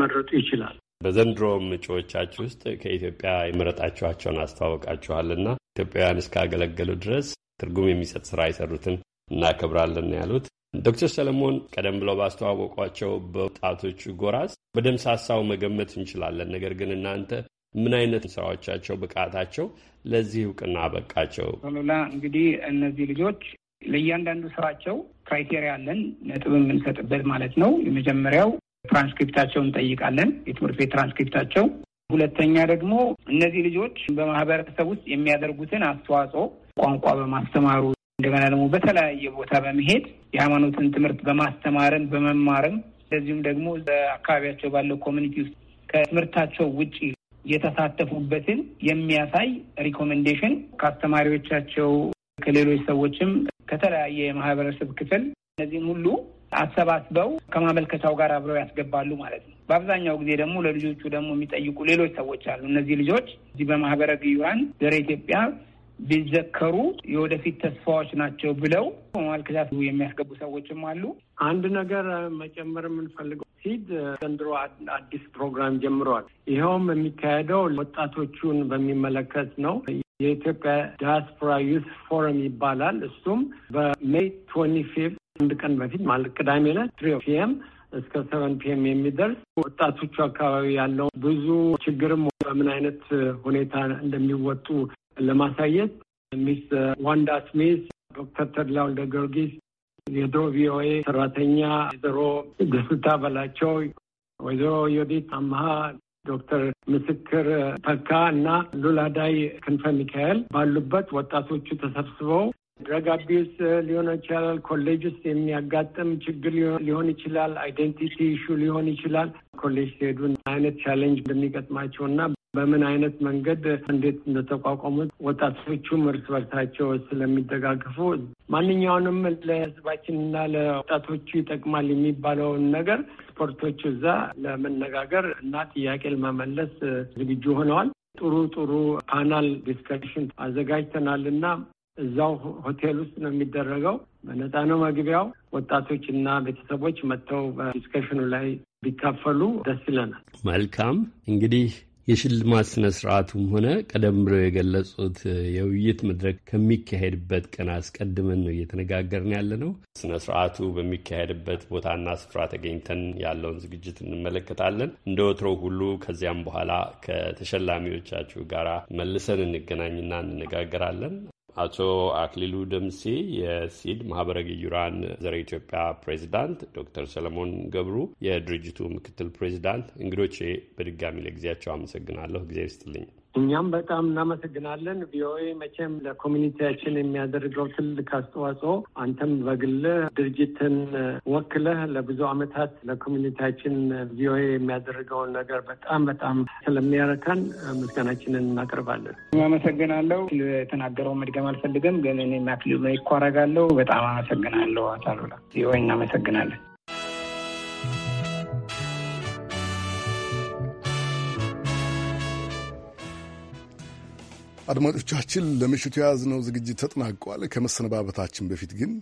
መረጡ ይችላል። በዘንድሮ እጩዎቻችሁ ውስጥ ከኢትዮጵያ የመረጣችኋቸውን አስተዋወቃችኋልና ኢትዮጵያውያን እስካገለገሉ ድረስ ትርጉም የሚሰጥ ስራ የሰሩትን እናከብራለን ያሉት ዶክተር ሰለሞን ቀደም ብለው ባስተዋወቋቸው በወጣቶቹ ጎራስ በደምሳሳው መገመት እንችላለን። ነገር ግን እናንተ ምን አይነት ስራዎቻቸው፣ ብቃታቸው ለዚህ እውቅና በቃቸው? ሉላ እንግዲህ እነዚህ ልጆች ለእያንዳንዱ ስራቸው ክራይቴሪያ አለን ነጥብ የምንሰጥበት ማለት ነው። የመጀመሪያው ትራንስክሪፕታቸውን ጠይቃለን፣ የትምህርት ቤት ትራንስክሪፕታቸው። ሁለተኛ ደግሞ እነዚህ ልጆች በማህበረሰብ ውስጥ የሚያደርጉትን አስተዋጽኦ ቋንቋ በማስተማሩ እንደገና ደግሞ በተለያየ ቦታ በመሄድ የሃይማኖትን ትምህርት በማስተማርም በመማርም እንደዚሁም ደግሞ በአካባቢያቸው ባለው ኮሚኒቲ ውስጥ ከትምህርታቸው ውጭ የተሳተፉበትን የሚያሳይ ሪኮሜንዴሽን ከአስተማሪዎቻቸው፣ ከሌሎች ሰዎችም ከተለያየ የማህበረሰብ ክፍል እነዚህም ሁሉ አሰባስበው ከማመልከቻው ጋር አብረው ያስገባሉ ማለት ነው። በአብዛኛው ጊዜ ደግሞ ለልጆቹ ደግሞ የሚጠይቁ ሌሎች ሰዎች አሉ። እነዚህ ልጆች እዚህ በማህበረ ግዩራን ዘረ ኢትዮጵያ ቢዘከሩ የወደፊት ተስፋዎች ናቸው ብለው ማመልከቻ የሚያስገቡ ሰዎችም አሉ። አንድ ነገር መጨመር የምንፈልገው ሲድ ዘንድሮ አዲስ ፕሮግራም ጀምረዋል። ይኸውም የሚካሄደው ወጣቶቹን በሚመለከት ነው። የኢትዮጵያ ዲያስፖራ ዩት ፎረም ይባላል። እሱም በሜይ ቶኒ ፌፍ አንድ ቀን በፊት ማለት ቅዳሜ ዕለት ትሪ ፒኤም እስከ ሰቨን ፒኤም የሚደርስ ወጣቶቹ አካባቢ ያለው ብዙ ችግርም በምን አይነት ሁኔታ እንደሚወጡ ለማሳየት ሚስ ዋንዳ ስሚዝ፣ ዶክተር ተድላ ወልደ ጊዮርጊስ፣ የድሮ ቪኦኤ ሰራተኛ ወይዘሮ ደስታ በላቸው፣ ወይዘሮ ዮዲት አምሃ ዶክተር ምስክር ተካ እና ሉላዳይ ክንፈ ሚካኤል ባሉበት ወጣቶቹ ተሰብስበው ድረግ አቢዩስ ሊሆን ይችላል፣ ኮሌጅ ውስጥ የሚያጋጥም ችግር ሊሆን ይችላል፣ አይዴንቲቲ ኢሹ ሊሆን ይችላል። ኮሌጅ ሲሄዱ አይነት ቻሌንጅ እንደሚገጥማቸው እና በምን አይነት መንገድ እንዴት እንደተቋቋሙት ወጣቶቹም እርስ በርሳቸው ስለሚደጋግፉ ማንኛውንም ለሕዝባችንና ለወጣቶቹ ይጠቅማል የሚባለውን ነገር ኤክስፐርቶቹ እዛ ለመነጋገር እና ጥያቄ ለመመለስ ዝግጁ ሆነዋል። ጥሩ ጥሩ ፓናል ዲስከሽን አዘጋጅተናል እና እዛው ሆቴል ውስጥ ነው የሚደረገው። በነፃ ነው መግቢያው። ወጣቶች እና ቤተሰቦች መጥተው በዲስከሽኑ ላይ ቢካፈሉ ደስ ይለናል። መልካም እንግዲህ የሽልማት ስነ ስርዓቱም ሆነ ቀደም ብለው የገለጹት የውይይት መድረክ ከሚካሄድበት ቀን አስቀድመን ነው እየተነጋገርን ያለ ነው። ስነ ስርዓቱ በሚካሄድበት ቦታና ስፍራ ተገኝተን ያለውን ዝግጅት እንመለከታለን። እንደ ወትሮ ሁሉ ከዚያም በኋላ ከተሸላሚዎቻችሁ ጋር መልሰን እንገናኝና እንነጋገራለን። አቶ አክሊሉ ደምሴ የሲድ ማህበረ ግዩራን ዘረ ኢትዮጵያ ፕሬዚዳንት፣ ዶክተር ሰለሞን ገብሩ የድርጅቱ ምክትል ፕሬዚዳንት እንግዶቼ በድጋሚ ለጊዜያቸው አመሰግናለሁ። ጊዜ ይስጥልኝ። እኛም በጣም እናመሰግናለን። ቪኦኤ መቼም ለኮሚኒቲያችን የሚያደርገው ትልቅ አስተዋጽኦ አንተም በግል ድርጅትን ወክለህ ለብዙ ዓመታት ለኮሚኒቲያችን ቪኦኤ የሚያደርገውን ነገር በጣም በጣም ስለሚያረካን ምስጋናችንን እናቀርባለን። አመሰግናለሁ። የተናገረው መድገም አልፈልግም፣ ግን እኔ ማክሊ ይኳረጋለሁ። በጣም አመሰግናለሁ። አቶ አሉላ ቪኦኤ እናመሰግናለን። አድማጮቻችን ለምሽቱ የያዝነው ዝግጅት ተጠናቋል። ከመሰነባበታችን በፊት ግን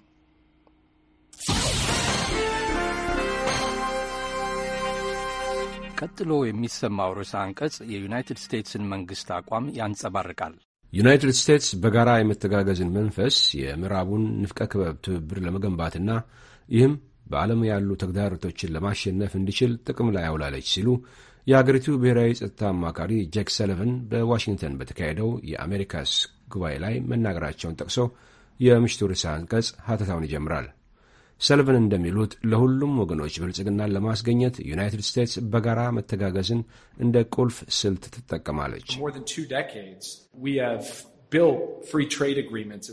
ቀጥሎ የሚሰማው ርዕሰ አንቀጽ የዩናይትድ ስቴትስን መንግሥት አቋም ያንጸባርቃል። ዩናይትድ ስቴትስ በጋራ የመተጋገዝን መንፈስ የምዕራቡን ንፍቀ ክበብ ትብብር ለመገንባትና ይህም በዓለም ያሉ ተግዳሮቶችን ለማሸነፍ እንዲችል ጥቅም ላይ አውላለች ሲሉ የአገሪቱ ብሔራዊ ጸጥታ አማካሪ ጄክ ሰለቨን በዋሽንግተን በተካሄደው የአሜሪካስ ጉባኤ ላይ መናገራቸውን ጠቅሶ የምሽቱ ርዕሰ አንቀጽ ሀተታውን ይጀምራል። ሰልቨን እንደሚሉት ለሁሉም ወገኖች ብልጽግናን ለማስገኘት ዩናይትድ ስቴትስ በጋራ መተጋገዝን እንደ ቁልፍ ስልት ትጠቀማለች።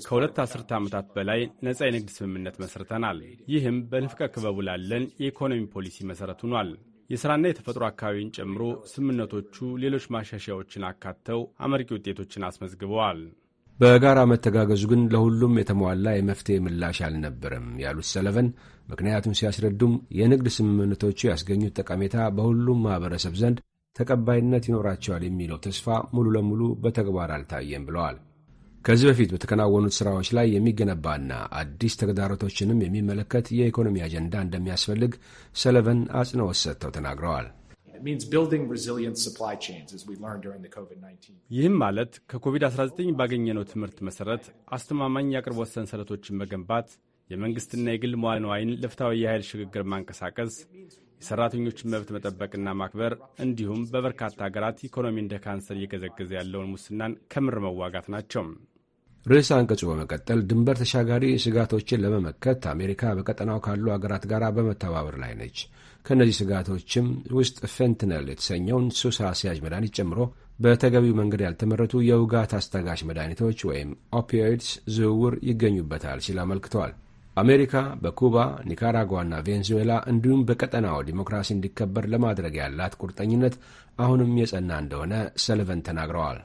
ከሁለት አስርተ ዓመታት በላይ ነጻ የንግድ ስምምነት መስርተናል። ይህም በንፍቀ ክበቡ ላለን የኢኮኖሚ ፖሊሲ መሠረት ሆኗል። የሥራና የተፈጥሮ አካባቢን ጨምሮ ስምምነቶቹ ሌሎች ማሻሻያዎችን አካተው አመርቂ ውጤቶችን አስመዝግበዋል። በጋራ መተጋገዙ ግን ለሁሉም የተሟላ የመፍትሄ ምላሽ አልነበረም ያሉት ሰለቨን ምክንያቱን ሲያስረዱም የንግድ ስምምነቶቹ ያስገኙት ጠቀሜታ በሁሉም ማኅበረሰብ ዘንድ ተቀባይነት ይኖራቸዋል የሚለው ተስፋ ሙሉ ለሙሉ በተግባር አልታየም ብለዋል። ከዚህ በፊት በተከናወኑት ስራዎች ላይ የሚገነባና አዲስ ተግዳሮቶችንም የሚመለከት የኢኮኖሚ አጀንዳ እንደሚያስፈልግ ሰለቨን አጽንኦት ሰጥተው ተናግረዋል። ይህም ማለት ከኮቪድ-19 ባገኘነው ትምህርት መሠረት አስተማማኝ የአቅርቦት ሰንሰለቶችን መገንባት፣ የመንግሥትና የግል መዋዕለ ንዋይን ለፍትሐዊ የኃይል ሽግግር ማንቀሳቀስ፣ የሠራተኞችን መብት መጠበቅና ማክበር እንዲሁም በበርካታ አገራት ኢኮኖሚ እንደ ካንሰር እየገዘገዘ ያለውን ሙስናን ከምር መዋጋት ናቸው። ርዕሰ አንቀጹ በመቀጠል ድንበር ተሻጋሪ ስጋቶችን ለመመከት አሜሪካ በቀጠናው ካሉ አገራት ጋር በመተባበር ላይ ነች። ከእነዚህ ስጋቶችም ውስጥ ፌንትነል የተሰኘውን ሱስ አስያዥ መድኃኒት ጨምሮ በተገቢው መንገድ ያልተመረቱ የውጋት አስታጋሽ መድኃኒቶች ወይም ኦፒዮይድስ ዝውውር ይገኙበታል ሲል አመልክተዋል። አሜሪካ በኩባ፣ ኒካራጓና ቬንዙዌላ እንዲሁም በቀጠናው ዲሞክራሲ እንዲከበር ለማድረግ ያላት ቁርጠኝነት አሁንም የጸና እንደሆነ ሰልቨን ተናግረዋል።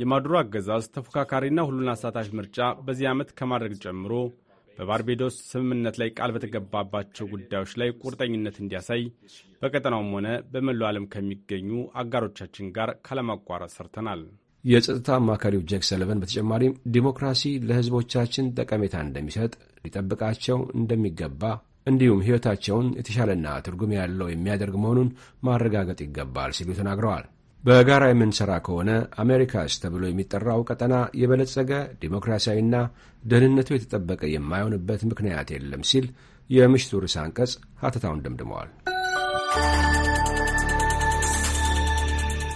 የማዱሮ አገዛዝ ተፎካካሪና ሁሉን አሳታሽ ምርጫ በዚህ ዓመት ከማድረግ ጨምሮ በባርቤዶስ ስምምነት ላይ ቃል በተገባባቸው ጉዳዮች ላይ ቁርጠኝነት እንዲያሳይ በቀጠናውም ሆነ በመላው ዓለም ከሚገኙ አጋሮቻችን ጋር ካለማቋረጥ ሰርተናል። የጸጥታ አማካሪው ጄክ ሰለቨን በተጨማሪም ዲሞክራሲ ለሕዝቦቻችን ጠቀሜታ እንደሚሰጥ ሊጠብቃቸው እንደሚገባ እንዲሁም ሕይወታቸውን የተሻለና ትርጉም ያለው የሚያደርግ መሆኑን ማረጋገጥ ይገባል ሲሉ ተናግረዋል። በጋራ የምንሰራ ከሆነ አሜሪካስ ተብሎ የሚጠራው ቀጠና የበለጸገ ዲሞክራሲያዊና ደህንነቱ የተጠበቀ የማይሆንበት ምክንያት የለም ሲል የምሽቱ ርዕሰ አንቀጽ ሀተታውን ደምድመዋል።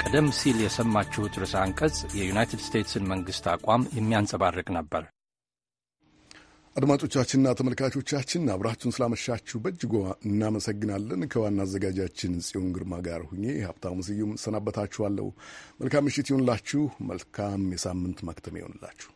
ቀደም ሲል የሰማችሁት ርዕሰ አንቀጽ የዩናይትድ ስቴትስን መንግሥት አቋም የሚያንጸባርቅ ነበር። አድማጮቻችንና ተመልካቾቻችን አብራችሁን ስላመሻችሁ በእጅጉ እናመሰግናለን። ከዋና አዘጋጃችን ጽዮን ግርማ ጋር ሁኜ ሀብታሙ ስዩም ሰናበታችኋለሁ። መልካም ምሽት ይሆንላችሁ። መልካም የሳምንት ማክተም ይሆንላችሁ።